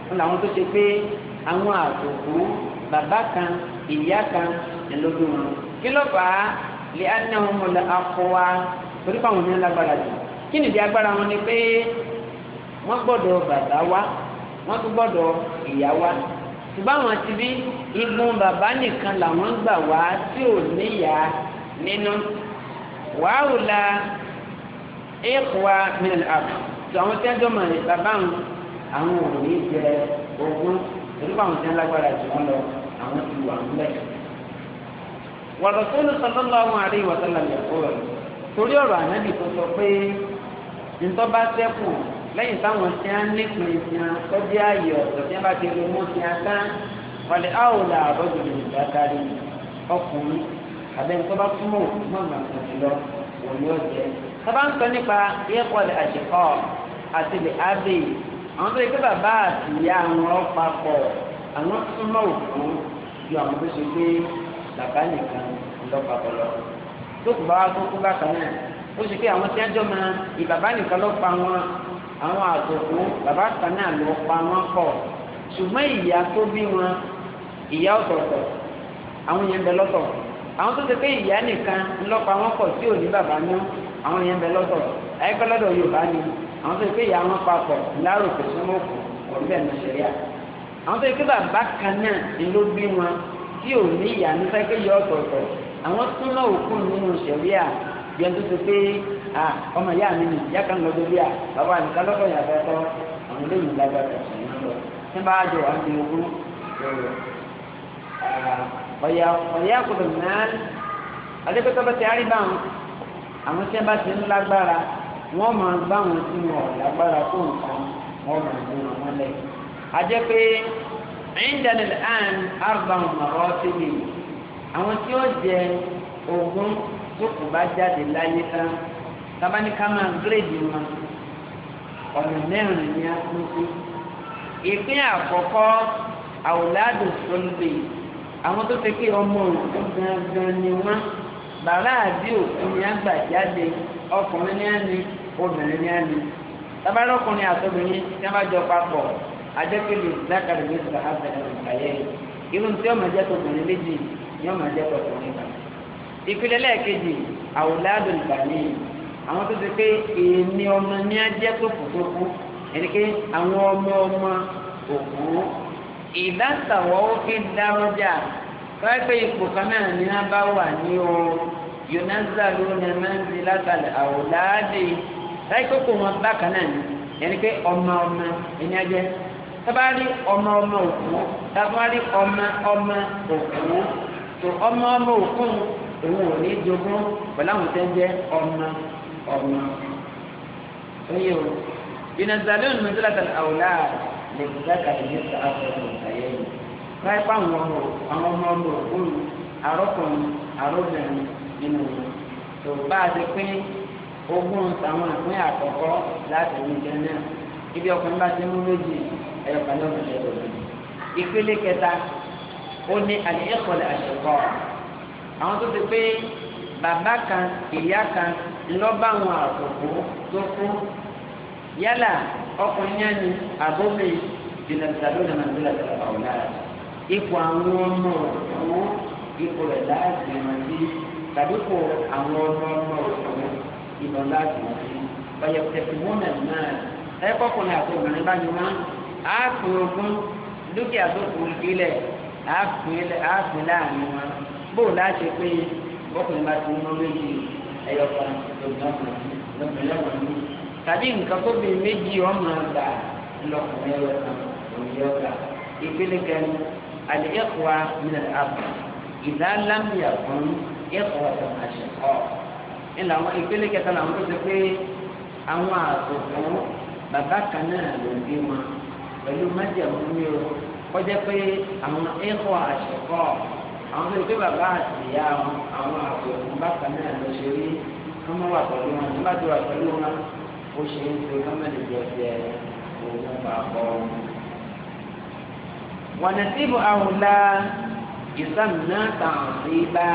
wọn làwọn tó ṣe pé àwọn àtòkù bàbá kan ìyá kan ẹlòdò wọn kí ló fà á lè á ní àwọn ọmọlẹ akọwa torí pé àwọn ní lágbára jù kí nìdí agbára wọn ni pé wọ́n gbọ́dọ̀ bàbá wa wọ́n tún gbọ́dọ̀ ìyá wa ṣùgbọ́n àwọn ti bí igun bàbá nìkan làwọn gbà wá tí ò níyà nínú wàhùn la ẹ̀kọ́wà mìíràn àbù tí àwọn tí wọ́n jọ mọ̀ bàbá wọn àwọn ò ní jẹ ogún pẹ̀lú àwọn tí wọ́n lágbára jù wọ́n lọ àwọn ti wà ń bẹ̀. wọ̀rọ̀ tó ní sallallahu alaihi wa sallam rẹ̀ torí ọ̀rọ̀ ànábì tó sọ pé ntọ́ bá sẹ́kù lẹ́yìn táwọn tí a ń nípìn ìfihàn tó jẹ́ ààyè ọ̀tọ̀ tí a bá ti rí mú ti a tán wọlé áwòlà àbọ̀jùlù ìdátarí ọkùnrin àbẹ́ni tó bá kú mọ̀ mọ̀mọ́ jùlọ òun yóò jẹ́ tó bá ń sọ nípa yẹ́pọ̀lẹ̀ àṣekọ́ àti lè ábè àwọn tó yẹ pé bàbá àti ìyá àwọn papọ̀ àwọn súnmọ́ òkú ju àwọn tó ṣe pé bàbá nìkan lọ́pàpọ̀ lọ tó kù bá wá tó kú bákan náà ó ṣe pé àwọn tí a jọ àwọn àtòkù bàbá kan náà ló pa wọn pọ̀ ṣùgbọ́n ìyá tó bí wọn ìyá ọ̀tọ̀ọ̀tọ̀ àwọn yẹn ń bẹ lọ́tọ̀ àwọn tó ti pé ìyá nìkan ló pa wọn pọ̀ tí ò ní bàbá ná àwọn yẹn ń bẹ lọ́tọ̀ àyíkọ́ lọ́dọ̀ Yorùbá ni àwọn tó ti pé ìyá wọn papọ̀ lárò pé súnmọ́ òkú ọ̀rọ̀ bẹ́ẹ̀ ní sẹ́ríà àwọn tó ti pé bàbá kan náà ni ló bí wọn tí ò ní ìyá ní sẹ́kẹ́ yọ ọ̀tọ̀ọ̀tọ̀ àwọn súnmọ́ òkú nínú sẹ́ríà yẹn tó ti pé à ah, ọmọ ya mi ni, ya kan lọ́dọ̀ bí à bàbá mi kálọ́kọ̀ yà fẹ́ tọ́ àwọn eléyìí lágbára ní bá a jọ wà ní ogún ah, ọ̀yà ọ̀yà kòtò náà adékòtò bá ti àrí báwọn àwọn tí wọn bá ti ń lágbára wọn máa gbá wọn tí wọn ò lágbára kó nǹkan wọn máa gbé wọn mọ́lẹ̀ àjẹ pé ìdánil àn àrùbáwọn mọ̀rọ́ sí mi àwọn tí ó jẹ ogún tó kù bá jáde láyé tán tàbá ní ká máa gírèdì wọn ọ̀nà mẹ́rin ní akúnṣe ìpín àkọ́kọ́ àwòládùn sọ́nbè àwọn tó fẹ́ kí ọmọ òkú gangan ni wọ́n bàrá àbí òkú ni àgbàjáde ọkùnrin ní àní obìnrin ní àní tàbá lọ́kùnrin àtọ́bìnrin tí wọ́n bá jọ papọ̀ adékèlè zákàrí bí sọ̀rọ̀ àbẹ̀rẹ̀ àyẹ̀ irú tí ọmọ jẹ́ tọkùnrin méjì ni ọmọ jẹ́ tọkùnrin kan ìpínlẹ̀ lẹ́ẹ̀kejì àwòládùn ìbànú yìí àwọn tó ti pé èmi ọmọ ní ajẹ́ tó fò tó kú ẹni pé àwọn ọmọ ọmọ òkú ìdásàwọ̀ ó fi dárọ́jà wáyé pé ipò kan náà ní wọn bá wà ní o yonaza ló ní mẹ́ńsì látàlẹ̀ àwòláàdì láì kókò wọn bákan náà ní ẹni pé ọmọ ọmọ ẹni ajẹ́ tabali ọmọ ọmọ òkú tabali ọmọ ọmọ òkú tó ọmọ ọmọ òkú òun ò ní jogún pẹ̀lú àwọn tẹ́ ọmọ ọmọ oyè o yunifásitì ní mẹsàlá tàbí àwòlá lè gbà kàdé ní sàá fẹsẹ̀ ìtàyẹ yìí káyé pa àwọn ọmọ àwọn ọmọ ọmọ òkúrú àrọkùnrin àrọbìnrin nínú wọn tó bá a ti pín ogún àwọn ìpín àkọ́kọ́ láti ní ìjẹ náà ibi ọkùnrin bá ti mú méjì ẹ̀yọ̀ kan lọ́wọ́ ìpele kẹta ó ní àlẹ́ ẹ̀kọ́ lẹ́ àwọn tó ti pé bàbá kan ìyá kan ńlọ́bà àwọn àkókò tó kú yálà ọkùnrin yẹn ni àbómi ìdìlẹ̀dìlẹ̀ lónìí náà nílẹ̀ tẹ̀lé ọ̀la ipò àwọn ọmọ òkú ipò rẹ̀ láti rìn sí tàbí kò àwọn ọmọ ọmọ òkú ìbọn láti rìn sí bàyẹ̀ tẹ̀síwọ́nà náà ẹ̀kọ́kùnrin àti obìnrin bá ní wọn á pín ogún dúkìá tó kù ilẹ̀ á láàrin wọn bó láti pé ọkùnrin bá ti ń lọ méjì ẹyọ kan lọ́kùnrin lọ́kùnrin tàbí nǹkan tó bí méjì ọmọ gbà lọ́kùnrin ẹyọ kan òye ọgbà ìpele kan àlẹ́kùá nínú àbọ̀ ìdálámìyà fún ẹ̀kọ́ àṣẹkọ́ ńlá àwọn ìpele kẹta làwọn tó ti pé àwọn àtòkùn bàbá kan náà ló ń bí wọn pẹ̀lú májèmú mi o kọjá pé àwọn ẹ̀kọ́ àṣẹkọ́ àwọn tó ìpé bàbá àti ìyá wọn àwọn àgbẹ̀wò bákan náà lọ ṣe rí wọn mọ wà pẹ̀lú wọn tó bá ti wà pẹ̀lú wọn ó ṣe ń ṣe kọ́mẹ́lì jẹ jẹ òun pàpọ̀. wọn ní síbò àwùlá ìsàmìnà tàǹsí bá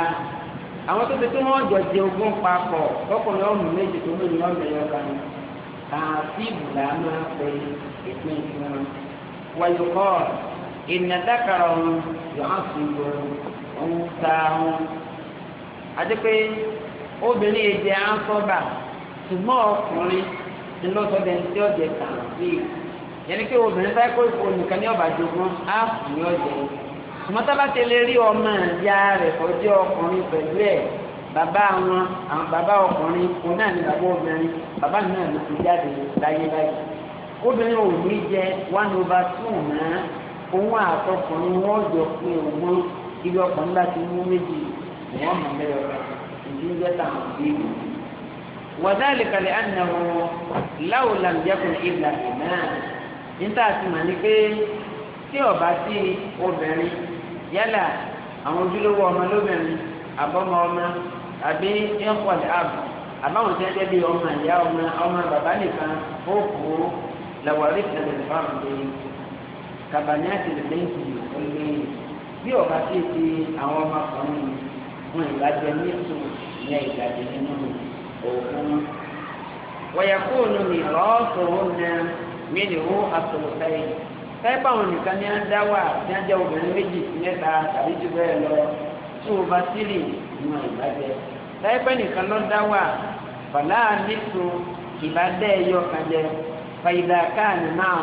àwọn tó ti pé wọn jọ jẹ ogún papọ̀ ọkùnrin ọmọ méjì tó lóyún ọmọ ẹ̀yọ kan tàǹsí ìbùdá máa pe ìpín ìpín wọn. wọ́n yóò kọ́ ìnàdàkàrọ̀ ọ̀hún yóò hàn sí ìgbòho ń ta wọn àti pé obìnrin èdè à ń sọ́bà ṣùgbọ́n ọkùnrin ni lọ́sọ̀dẹ̀ tí ọ̀jẹ̀ kàn sí i yẹni pé obìnrin bá kó ìfò nìkan ní ọ̀bà jogún á fún ní ọ̀jẹ̀ ṣùgbọ́n tá bá ti lè rí ọmọ ìyá rẹ̀ kọjá ọkùnrin pẹ̀lú ẹ̀ bàbá wọn àwọn bàbá ọkùnrin òun náà ni bàbá obìnrin bàbá náà ló ti jáde láyé báyìí obìnrin ò ní jẹ one over two náà òun àtọkùnrin wọn jọ pé òun ibi ọkọ̀ ńlá ti mú méjì ni wọ́n mọ̀ mẹ́rẹ̀ ọ̀rọ̀ ìdí ń jẹ́ táwọn òbí rẹ̀. وذلك لأنه لو لم يكن إلا إمام níta àti mà ní pé tí ọba sí obìnrin yálà àwọn ojúlówó ọmọ lóbìnrin àbọmọ ọmọ àbí ẹnkọlẹ ààbò àbáwọn tí wọn jẹ bíi ọmọ ìyá ọmọ ọmọ bàbá nìkan ó kú làwọn rí tẹ́lẹ̀ fáwọn ọmọdé kàbáyé àti lè lẹ́yìn olóyè bí ọba ti di àwọn ọmọkùnrin wọn ìbàjẹ́ ní ìsùn ní ìbàjẹ́ nínú òògùn. wọ̀yẹ̀kùnù ní rọ́ọ̀sù ọ̀nà mílíọ̀nù àtòlùfẹ́ fẹ́ẹ́bà wọn nìkan ní ẹ̀ńdá wà ní ajá obìnrin méjì mẹ́ta tàbí jù bẹ́ẹ̀ lọ tí o bá sílì wọn ìbàjẹ́ fẹ́ẹ́bà nìkan ló dá wà fàlà nítò ìbàdẹ́ ẹ̀yọ kan jẹ fàyídà káà ní náà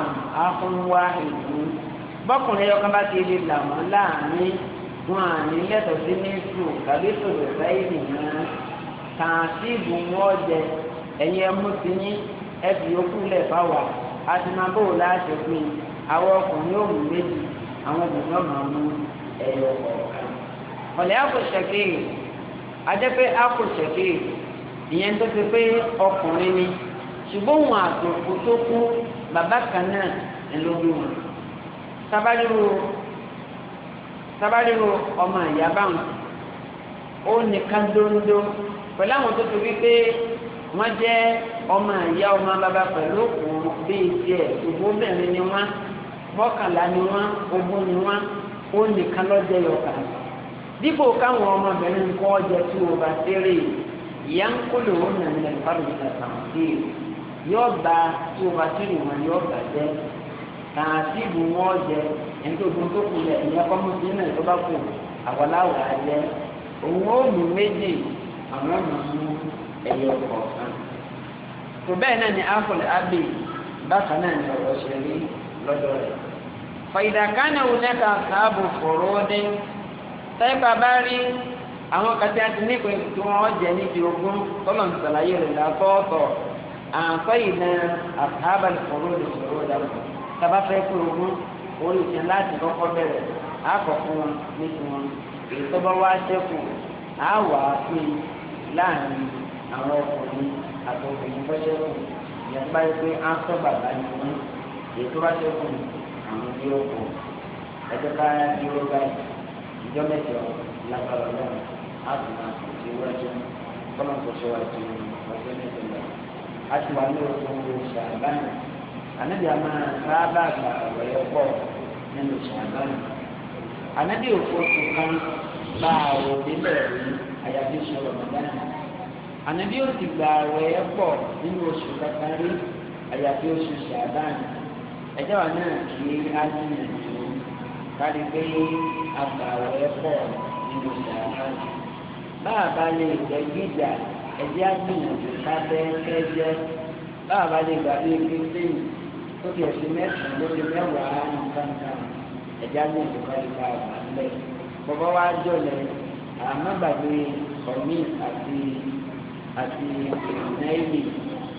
bọ́kùnrin ọkàn bá ti lè là wọ́n láàrin wọn à ní lẹ́tọ̀ọ́ sí méjì tàbí sọ̀rọ̀ báyìí nìyẹn kàn sí ìbùnú ọ̀jẹ̀ ẹ̀yin ẹmú ti yín ẹbí yòókù lẹ̀ bá wà á ti máa bò láti pín àwọn ọkùnrin òun méjì àwọn obìnrin ọ̀nà mú ẹ̀yọ ọ̀kan. ọ̀lẹ́ àkùsẹ̀kì adẹ́pẹ́ àkùsẹ̀kì ìyẹn tó ti pé ọkùnrin ni ṣùgbọ́n òun àtòkù tó kú bàbá kan náà ẹ̀ ló bí wọn tabaliru tabaliru ọmọ ìyá báwọn ó nìkan dóńdó pẹ̀lú àwọn tó ti wípé wọ́n jẹ́ ọmọ ìyá ọmọ bàbá pẹ̀lú òkú bíi tiẹ̀ ṣùgbọ́n obìnrin ni wọ́n mọ́kànlá ni wọ́n ogún ni wọ́n ó nìkan lọ́jẹ́ yọ̀ọ̀kà dípò káwọn ọmọbìnrin kọ́ ọjọ́ tí o bá ṣeré ìyá ń kó lòun nàmìlẹ̀ ìfàlùfẹ́ àtàwọn sí i yọ̀ọ̀bà tí o bá ṣeré wọn yọ̀ọ̀bà jẹ́ kàtí ìlú wọn jẹ ẹni tó dun tó kù lẹ ìyẹn kọ́mú sí náà tó bá kù àwọláwọ̀ ayẹ òun ó mú méjì àwọn ọmọ mú ẹyọ kọ̀ọ̀kan. tó bẹ́ẹ̀ náà ni akọ̀lẹ̀ abẹ bákan náà ni ọ̀rọ̀ ṣe rí lọ́dọ̀ rẹ̀. fàyìdàkánà òun náà kà sáàbù fòrò dé tẹ́pà bá rí àwọn kàtí àti nípa tí wọ́n jẹ níbi ogún tọ́lọ̀ ń rẹ̀ látọ̀ọ̀tọ̀ àǹfààní náà àtàbà fòrò dé fòrò dàrú tàbá fẹ́ pé ogún orí ìṣẹ́ láti kọ́kọ́ bẹ̀rẹ̀ àkọ́kọ́ ní tiwọn èyí tó bá wá ṣẹ́kù á wà láàrin àwọn ọkùnrin àti obìnrin bọ́ ṣẹ́kù ìyẹn bá pé á sọ bàbá ni wọn èyí tó àwọn bí ó kù ẹjọ́ bí ó báyìí ìjọ mẹ́jọ lágbára lọ́wọ́ á sì máa kù sí iwájú kọ́nà lọ. a wà ní oṣù ṣàbáyìí ànábì àmà sábà gbà ọ̀rẹ́ pọ̀ nínú ṣàbánù ànábì òkú tó kán bá àwọ̀ nílẹ̀ rí àyàfi sọ̀rọ̀ mọ̀dánù ànábì ó ti gbà ọ̀rẹ́ pọ̀ nínú oṣù kankan rí àyàfi oṣù ṣàbánù ẹjọ́ wa náà kì í ádùnnìyànjú kárí pé àgbà ọ̀rẹ́ pọ̀ nínú ṣàbánù báà bá lè jẹ́ gíga ẹ̀jẹ̀ àgbìyànjú ká bẹ́ẹ̀ kẹ́ jẹ́ báà bá lè gbà bí ebi ń ó ti ẹ̀sìn mẹ́sàn-án lórí mẹ́wàá nǹkan kan ẹ̀já ní ìdúkọ́lùkọ́ àgbẹ̀ bọ́bá wá jọ̀lẹ̀ àmọ́gbàgbé ọ̀mí àti àti náírì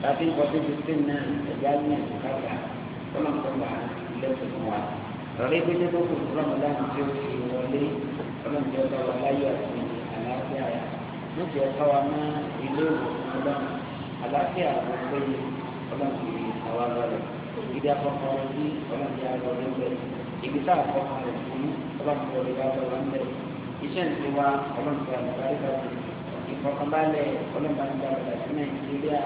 àti ìkọ́sí fifteen náà ẹ̀já ní ìdúkọ́lùkọ́ ọlọ́mọdọ́gba lẹ́sìn wa rọ̀lẹ́ gbẹ́dẹ́ tó kù rọ́mọdáhùn tí ó fi wọlé ọlọ́mọdọ́gba wà láyọ̀ àti àlàáfíà lókè ẹ̀kọ́ wa ná ilé ìwòsàn ọlọ́run àlàáfíà àwọn ọgbẹ́ yìí ọlọ́run kì ibi àkọ́kọ́ sí ọlọ́dẹ àgbọ̀ lẹ́gbẹ̀ẹ́ ibi tá àkọ́kọ́ rẹ̀ fún ọlọ́dẹ ọ̀rẹ́ àgbọ̀ lọ́dẹ iṣẹ́ ìṣe wa ọlọ́dẹ àgbàlagbà ìfọkànbalẹ̀ ọlọ́dẹ àgbàlagbà sí nàìjíríà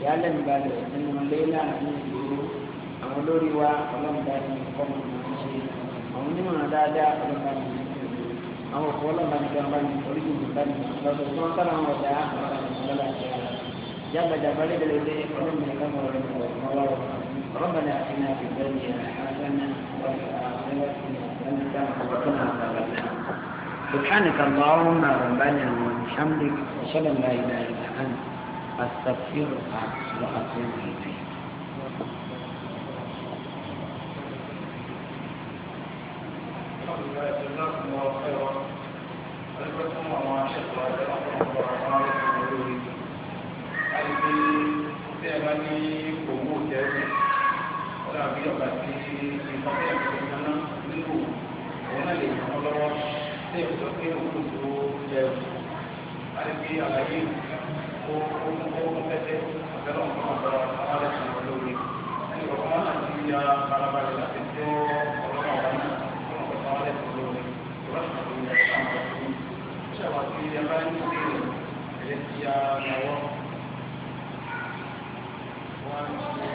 ìyálẹ̀ ìbàlẹ̀ nínú ilé láàrin ìlú àwọn olórí wa ọlọ́dẹ àgbàlagbà àwọn onímọ̀ dáadáa ọlọ́dẹ àgbàlagbà àwọn òkú ọlọ́dẹ àgbàlagbà oríṣiríṣi ìbánisọ̀rọ̀ lọ́dọ̀ tó ń sára àwọn ọ̀dà yàgbàjà balẹ̀ lè lé ọlọ́mọ ìlànà ọ̀rọ̀ ọ̀rọ̀ ọ̀rọ̀ ربنا اتنا في الدنيا حسنه وفي الاخره حسنه وقنا عذاب النار سبحانك اللهم ربنا وبحمدك اشهد ان لا اله الا انت استغفرك واتوب اليك Thank you. àbí ọ̀gá tí ìfọ̀kẹ́ àti ìdáná nílò òun náà lè ràn lọ́wọ́ sí ìfọ̀sọ́ pé òun tó jẹ àdébí àlàyé ó ń tẹ́tẹ́ ọ̀gẹ́rọ̀ nǹkan ọ̀gá alárẹ̀sìn olóore ẹni kọ̀ọ̀kan náà ti ya balabalẹ̀ láti tẹ́ ọlọ́run ọ̀gá náà fún ọ̀gá alárẹ̀sìn olóore ìwádìí àti ìyàtọ̀ àwọn ọ̀gbìn ṣàwárí abáyé ìbéèrè ẹ̀rẹ́ ti ya náwó. One, two,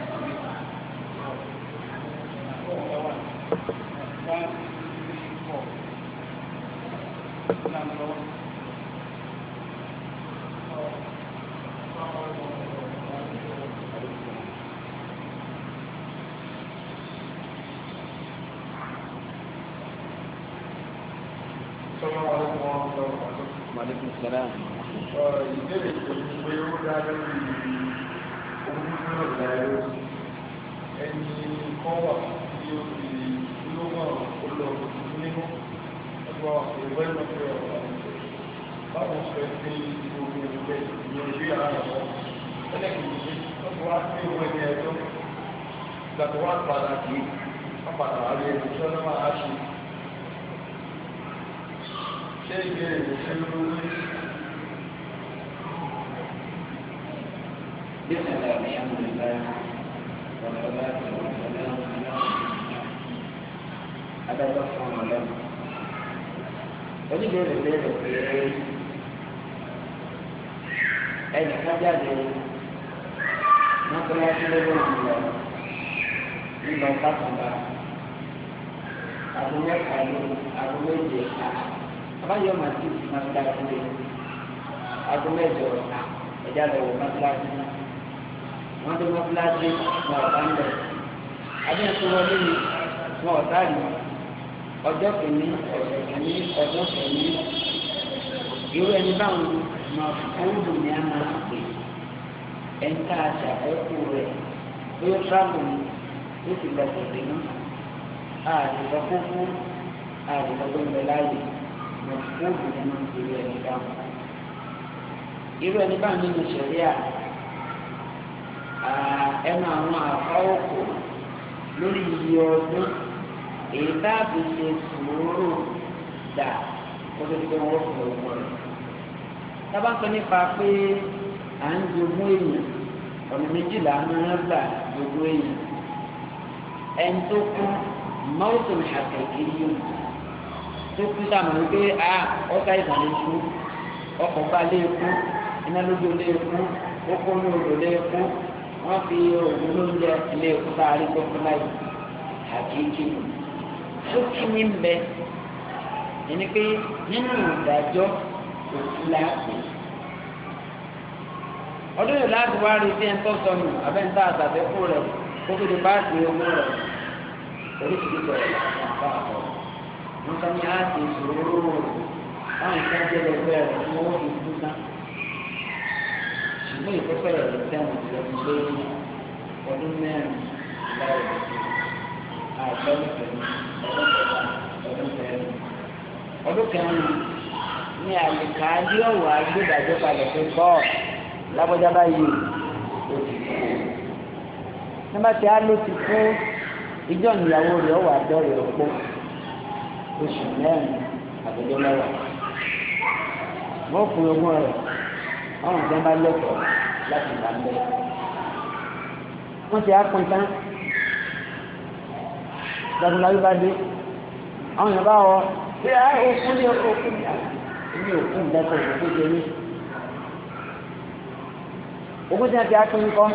Maaleykum salaam. Ìbéèrè tó ń pé ó dá lórí ohun náà láyé ẹni kan wà tí ó fi ló mọ̀ ó lọ nínú ẹgbẹ́ ìwé ìmọ̀ báwo ṣe fi gbogbo ìgbẹ́ ìyẹn ìgbé àárọ̀ wọn ẹlẹ́kìnjẹ́ lọ́pọ̀ wá sí owó ẹni ẹjọ́ ìgbàgbọ́ wá padà kí wọ́n padà wá rí ẹni tí wọ́n máa ṣe ṣé ìgbẹ́ ìgbẹ́ lórí. بسم الله ẹnì kan jáde wọn tó wọn sílé lórí lọ nílọ kákàndá àbò mẹ́ta ló àbò méje àbáyọ màtí màtíláṣí lé àbò mẹ́jọ ẹjá lọ wọ màtíláṣí wọn tó màtíláṣí wọn ọba ń bẹ àbí ẹ̀kọ́ wọlé ni wọn ọ̀tá ni ọjọ́ kìíní ọ̀sẹ̀ kìíní ọjọ́ kìíní irú ẹni báwọn mọ̀fúùdù ni a máa pè ẹ̀ńtà àṣàkókò rẹ̀ bí ó sábò ní ó sì lọ pọ̀ sínú àdìsọ́kókó àdìsọ́kó ńlẹ̀ láàyè mọ̀fúùdù ni a máa pè é ẹ̀rí dáhùn. irú ẹni bá nínú sẹ̀ríà ẹnu àwọn àfọwọ́kù lórí iye ọdún èyí tá a fi ṣe sùúrù dà ó tó ti pé wọ́n fọ̀ ọ́ rẹ̀ tábà sọ nípa pé à ń jogún èèyàn ọ̀nà méjìlá máa ń gbà jogún èèyàn ẹni tó kú mọ́tò àkẹ́kẹ́ yìí tó kú sàmì wípé a ọ̀sá ìsàn lè kú ọkọ̀ bá lè kú iná lójú lè kú oko ní odò lè kú wọ́n fi òògùn lóúnjẹ lè kú tá a rí gbọ́ fún láyé àkẹ́kẹ́ tó kí ní bẹ́ẹ̀ ẹni pé nínú ìdájọ́. òkú láàbù ọdún yìí láti wá rí bí ẹn tó sọnù abẹ́ńtà àtàbẹ́kù rẹ̀ kó tó di báàsì owó rẹ̀ na ọ̀rọ̀ láti àpá àpọ̀ wọn kàn ní àti ìṣòro àwọn nǹkan jẹ́ lẹ́gbẹ́ rẹ̀ tí wọ́n fi kú ná ṣùgbọ́n ìfẹ́fẹ́ rẹ̀ tẹ́wọ̀n ti lọ́dún pé ọdún mẹ́rin láì rẹ̀ àgbẹ̀rẹ̀ ọdún kẹrin ọdún kẹrin ní àlìkàájú ọ̀wọ́ agbẹ́dàjọ́ balẹ̀ pé bọ́ lábọ́já báyìí nígbà tí a ló ti fún ìjọ ìyàwó rẹ̀ ọ̀wọ́ àdọ́rẹ̀ ọ̀pọ̀ oṣù mẹ́rin àtọ́jọ́ mẹ́wàá wọ́n fún ogún rẹ̀ ọ̀hún tí bá lẹ́kọ̀ọ́ láti gbà ń wọ́n ti á pin tán dàdúrà yóò bá dé àwọn yàrá wọ bí a ó fún ní ní àná ní òkú nǹkan òkú jẹ ní. ogún tí wọ́n ti ápín kọ́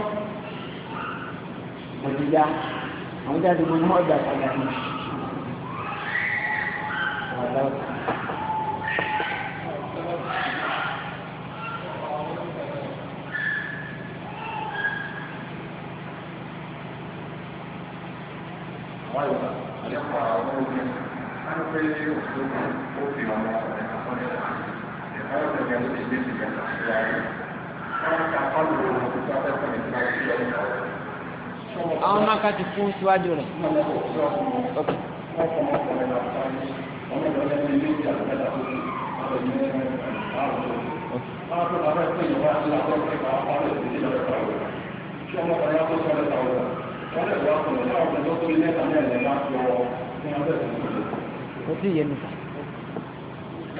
òjìyà àwọn jáde gbogbo ọjà padà ní. Thank you. 安徽有十五，我比我们。àwọn máka ti fún síwájú rẹ̀. ó sì yé mi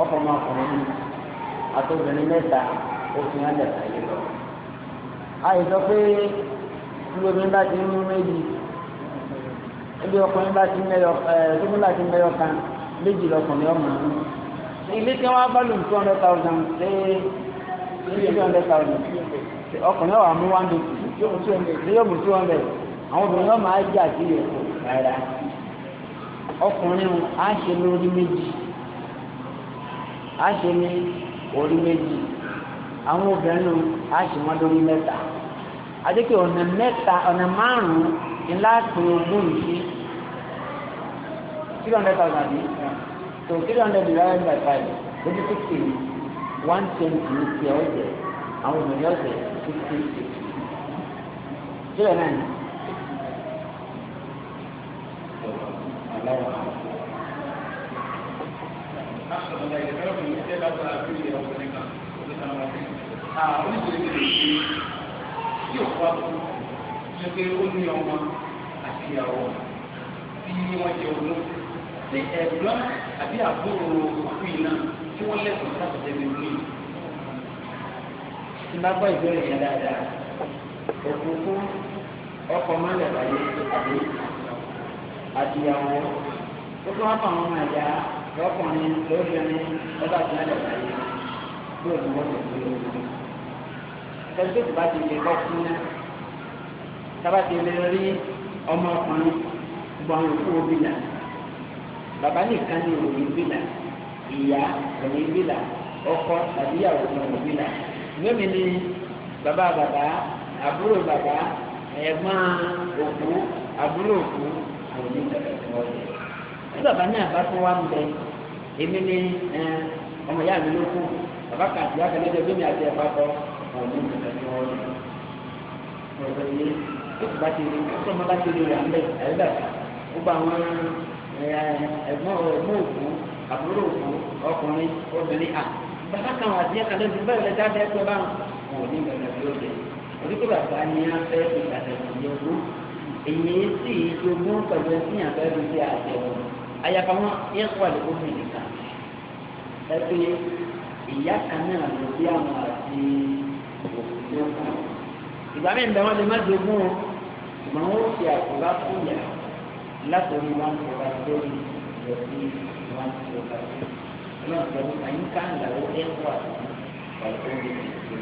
ọkọ̀ máa kọ̀ọ̀rọ̀ mi àtọ́bìnrin mẹ́ta oṣù yẹn lẹ̀ka yìí lọ. àyè sọ pé tí obìnrin bá ti mú méjì ebi ọkùnrin bá ti mẹ́yọ ẹ̀ tóbi bá ti mẹ́yọ kan méjì lọkùnrin ọmọ mi. ilé tí wọ́n bá lù two hundred thousand ṣé two hundred thousand ọkùnrin ọ̀hún mú one fifty ṣé yóò mú two hundred àwọn obìnrin ọmọ á jà sí ẹ̀kọ́ rárá ọkùnrin á ṣe lórí méjì á ṣe ní orí méjì àwọn obìnrin á ṣe mọ́ lórí mẹ́ta àdékè ọ̀nà mẹ́ta ọ̀nà márùn-ún ni láti ogún ìṣe three hundred thousand bí so three hundred divided by five lójú sixty one twenty ní tiẹ̀ ọ̀jẹ̀ àwọn obìnrin ọ̀jẹ̀ sixty six sílẹ̀ náà pé ó ní ọmọ àti ìyàwó tí wọ́n jẹ ogún tí ẹ̀gbọ́n àbí àbúrò òkú iná tí wọ́n lẹ́sọ̀ọ́ láti jẹ́bi ní ìlú. tí lágbá ìbéèrè yẹn dáadáa òkùnkùn ọkọ̀ máa lẹ̀ láyé àbí àti ìyàwó ó tún wá fún àwọn ọmọ ẹ̀yà lọ́kùnrin lóbìnrin lọ́dọ̀ àti mẹ́lẹ̀ láyé yóò ní wọ́n lè fi lórí. ẹgbẹ́ tó ti bá ti lè bọ́ fún sábà ti lè rí ọmọ ọkùnrin gbọ́n òkú obìnrin bàbá nìkan ní òní bìnrin ìyá òní bìnrin ọkọ tàbí ìyàwó òní bìnrin lómi ni bàbá bàbá àbúrò bàbá ẹ̀gbọ́n òkú àbúrò òkú òní bẹ̀rẹ̀ fún ọ̀dẹ̀. tí bàbá náà bá tún wá ń bẹ èmi ọmọ ìyá mi ló kú bàbá kan àti ìyá lọ́jọ́ bí mi àti ẹ̀fà kọ́ ní ìgbà tí wọ́n lọ. ó ti bá ti rí ó bá ti rí ẹ̀rẹ́dà ó gba àwọn ẹ̀gbọ́n ẹ̀gbọ́n òkú àbúrò òkú ọkùnrin obìnrin à bàbá kan àti a àyàfà wọn yẹ kó àlè kó fún ìdíkà ẹ pé ìyá kan náà ló bí àwọn àti òkú lọ́kàn ìgbà mi ń bẹ wọn lè má jogún o ṣùgbọ́n wọn ó ṣe àkóbá fún ìyá látọ̀rí wọn kò bá lórí ìrọ̀lẹ́ wọn kò bá lórí ọlọ́run pẹ̀lú àyíká ìlàwó ẹ̀ kó àlè kó fún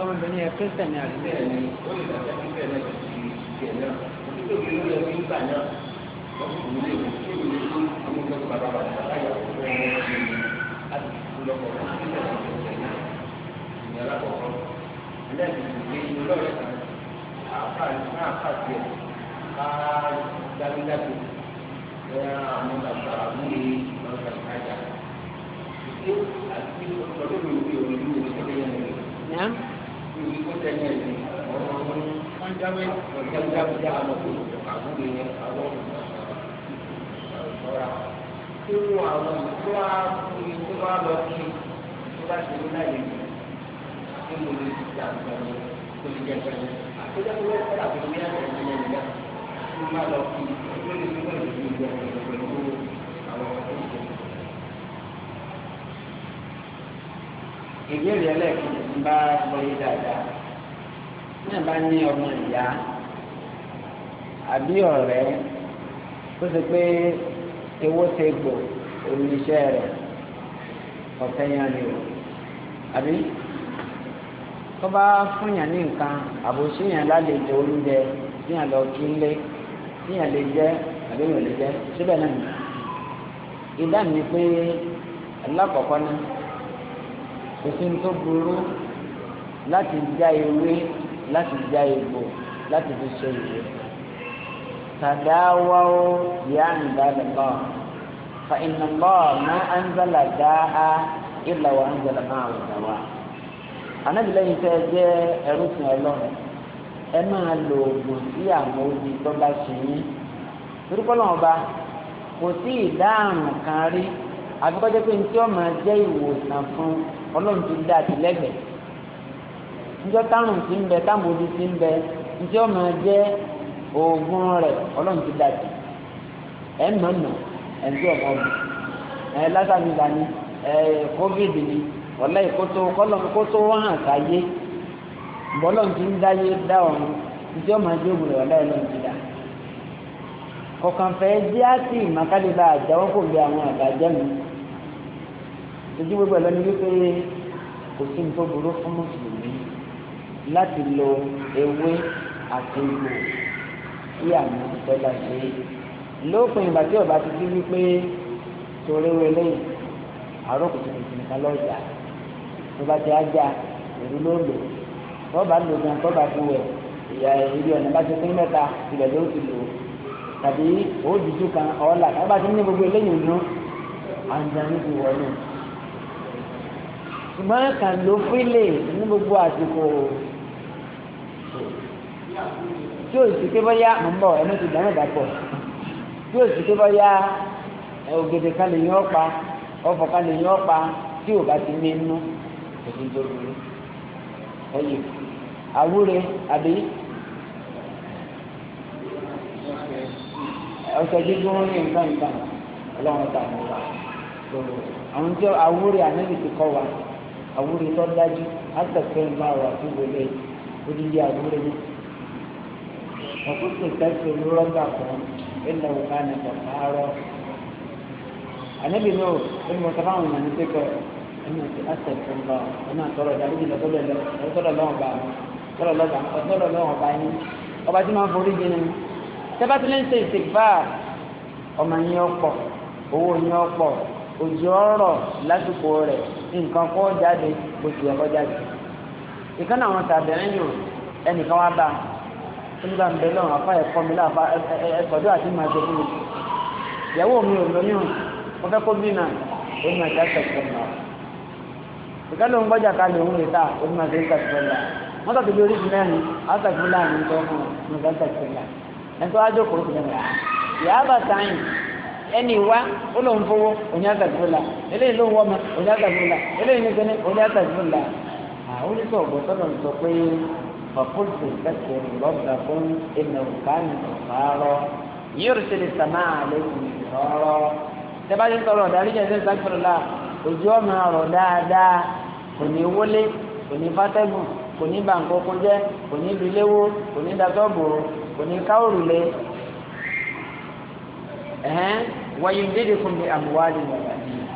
ọmọbìnrin yẹn kírísítẹ̀ ní àdúgbò ẹ̀ ní. Yeah ìwé kó tẹ̀lé ẹ̀sìn wọ́n jáwé wọ́n jáwé jáwé àwọn àbúrò yẹn àwọn ọ̀rà tó àwọn tó wá tó wá lọ sí tó bá ṣe ní láyé mi tó mo lè ti dà nípa mi tó lè jẹ pẹ̀lú àtúndà tó wọ́n fẹ́ àbúrò mi láti ẹ̀sìn yẹn nígbà tó má lọ sí tó lè fi wọ́n ìdílé ìjọba ìjọba ìjọba àwọn ọ̀rọ̀ tó ń jẹ. ìbéèrè ẹlẹ́ẹ̀kejì ń bá gbọ́yé dáadáa náà bá ní ọmọ ìyá àbí ọ̀rẹ́ tó sì pé ewó ṣe gbò oníṣẹ́ rẹ̀ ọ̀tẹ́ yẹn ni o àbí tó bá fúnyàn ní nǹkan àbòṣíyàn lálejò oúnjẹ tíyàn lọ kí lé lè jẹ àbí yàn lè jẹ síbẹ̀ náà pé alákọ̀ọ́kọ́ náà. kò sí ní tó burú láti já ewé láti já egbò láti fi ṣe ìwé. تداووا عن عباد الله فإن الله ما أنزل داء إلا وأنزل معه دواء Ànábì lẹ́yìn tẹ́ jẹ́ ẹrúsìn Ọlọ́run ẹ máa lo oògùn sí àwọn omi tó bá ṣe yín torí pé kò sí ìdáhùn kan rí àfikọ́jẹ́ pé ntí ọmọ jẹ́ ìwòsàn fún ọlọ́run ti dá àtìlẹ́gbẹ̀ẹ́ njọ́ táwọn ti ń bẹ táwọn òbí ti ń bẹ ntí ọmọ jẹ́ oògùn rẹ̀ ọlọ́run ti dá àtì ẹ̀ ń nànà ẹ̀ ń tí ọmọ bù ẹ̀ lásàmì ìlànà ẹ̀ covid ni ọ̀lá ìkótó kọ́lọ́n kótó wọ́n hàn sáyé bọ́lọ́n ti ń dáyé dá ọ̀run ntí ọmọ jẹ́ ògùn rẹ̀ ọ̀lá ti dá kọ̀kan fẹ́ jẹ́ àti ìmọ̀kálíbà àjáwọ́ kò lè àwọn àbájẹ́ mi ojú gbogbo ẹ̀lọ́ni wípé kò sí tó burú fún mùsùlùmí láti lo ewé àti egbò tí àwọn ìjọba ṣe lópin ìgbà tí ọba ti di wípé torí wẹlé àárọ̀ kùtùkùtù nìkan lọ́jà tó bá ti ájà ìlú ló lò tọ́ba lò gan tọ́ba ti wẹ̀ ìyá ìrírí ọ̀nà bá ti pín mẹ́ta ìbẹ̀ ló lò ó tàbí òjijì kan ọ̀la kan bá ti ní gbogbo eléyìí nù àǹdáni ti wọlé ṣùgbọ́n kàn ló fílè ní gbogbo àsìkò tí o sì ké bóyá mò ń bọ̀ ẹni ti dáná dàpọ̀ tí o sì ké bóyá ògèdè kan lè yín ọ̀pa ọ̀fọ̀ kan lè yín ọ̀pa tí o bá ti ní inú ẹ̀yìn àwúre àbí ọ̀sẹ̀ gígùn ní nǹkan nǹkan ọlọ́run tà mọ́ wa àwọn tí awúrẹ́ ànábì ti kọ́ wa awúrẹ́ tó dájú àtẹ̀kẹ́ ń bá wa fún wọlé odidi awúrẹ́ yìí ọ̀kúnṣe tẹ́sí olórọ́gbà kan ẹ̀nà òkà nípa àárọ̀ ànábì náà ẹ̀mí wọn sábà wọn ní pẹ́kọ̀ ẹ̀mí ti àtẹ̀kẹ́ ń bá wa ẹ̀mí àtọ̀rọ̀ ìdàlójì lọ́sọ̀rọ̀ lọ́wọ́ bá wọn tọ́lọ̀ lọ́wọ́ bá yín ọba tí máa forí jẹ́ nínú tẹ́bá ti lè ń ṣe ìsìnkú ọmọ yín ọ̀pọ̀ owó yín ọ̀pọ̀ òjò ọ̀rọ̀ lásìkò rẹ̀ nǹkan kọ́ jáde kò sì ẹ̀kọ́ jáde ìkan náà wọn tàbẹ̀rẹ̀ yìí ẹnìkan wá bá nígbà ń bẹ lọ́rùn afá ẹ̀kọ́ mi láfa ẹ̀kọ́dọ́ àti máa ṣe fún mi ìyàwó mi ò lóyún mo fẹ́ kó bí náà ó ní àti àtẹ̀kọ́ náà ìkan ló ń gbọ́jà kalẹ̀ òun lè ta ó ní àti àtẹ̀kọ́ náà wọ́n tàbí lórí ìfúnnáà ní àtẹ̀kọ́ náà ní tọ́ fún mi ní àtẹ̀kọ́ náà ẹ̀tọ́ ajókòó fi lẹ́nu yàrá sáyìn ẹni wá ó lóun fowó òní àtàkùnlá eléyìí ló ń wọ́mọ òní àtàkùnlá eléyìí ní sẹ́ni òní àtàkùnlá àwọn oníṣẹ́ ọ̀gbọ́n sọ́dọ̀ sọ pé ọ̀pọ̀lọpọ̀ ìfẹ́kẹ̀ lọ́dà fún ẹnì ọ̀kánì ọ̀fàárọ̀ yìí ó ṣe lè sàmà àlékún ìrọ̀rọ̀ tẹ́bájú tọrọ ọ̀darí jẹ́ ṣe sákìrìlá ojú ọmọ ọ̀rọ̀ dáadáa kò ní wọlé kò ní fátẹ́gùn kò ní bàǹkókó jẹ́ kò ní lulẹ́wó kò ní dasọ́gbòrò kò ní ká òrùlé ẹ̀hẹ́n wáyé dédé fún mi àmúwálé nàìjíríà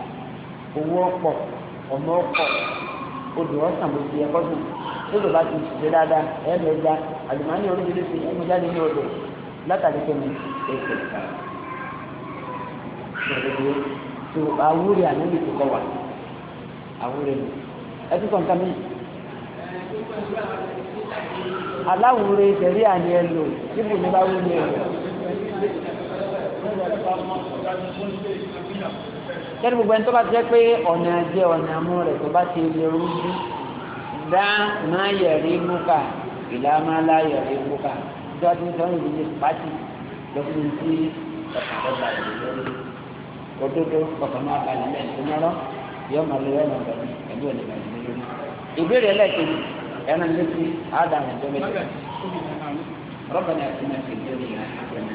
owó ọ̀pọ̀ ọmọ ọ̀pọ̀ odò ọ̀sán ló fi ẹ̀kọ́ dùn lódò bá ti ṣiṣẹ́ dáadáa ẹ̀ẹ́dẹ́gbà àlùmọ́ọ́nì oríṣiríṣi ẹ̀mú jáde ní odò látàrí pé mi ètò ìgbàlódé tó àwúrẹ́ ànábì tó kọ wà àwúrẹ́ mi ẹ nǹkan mìíràn aláwòrán ìtẹ̀rí àní ẹlò níbù ní bá wúni ẹ̀rọ kẹ́ni gbogbo ẹni tó bá jẹ́ pé ọ̀nà jẹ́ ọ̀nà mú rẹ̀ tó bá ti lè rú sí dá máa yẹ̀rí múkà ìlà máa lá yẹ̀rí múkà tó bá ti ń sọ́nà ìdíje pàtì lọ́kùnrin tí ọ̀pọ̀lọpọ̀ ìdíje òdodo ọ̀pọ̀ máa balẹ̀ lẹ́yìn tó mọ́rọ́ yọ̀ọ́ máa lọ yọ̀ọ́ máa ìbéèrè ẹlẹ́ẹ̀kejì ẹ̀rọ ní létí ádám ẹ̀jọ́ méjì rọ́bà ní àti mẹ́tì ìjọ ní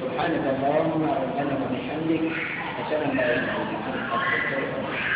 سبحانك اللهم وبحمدك أشهد أن لا إله إلا أنت أستغفرك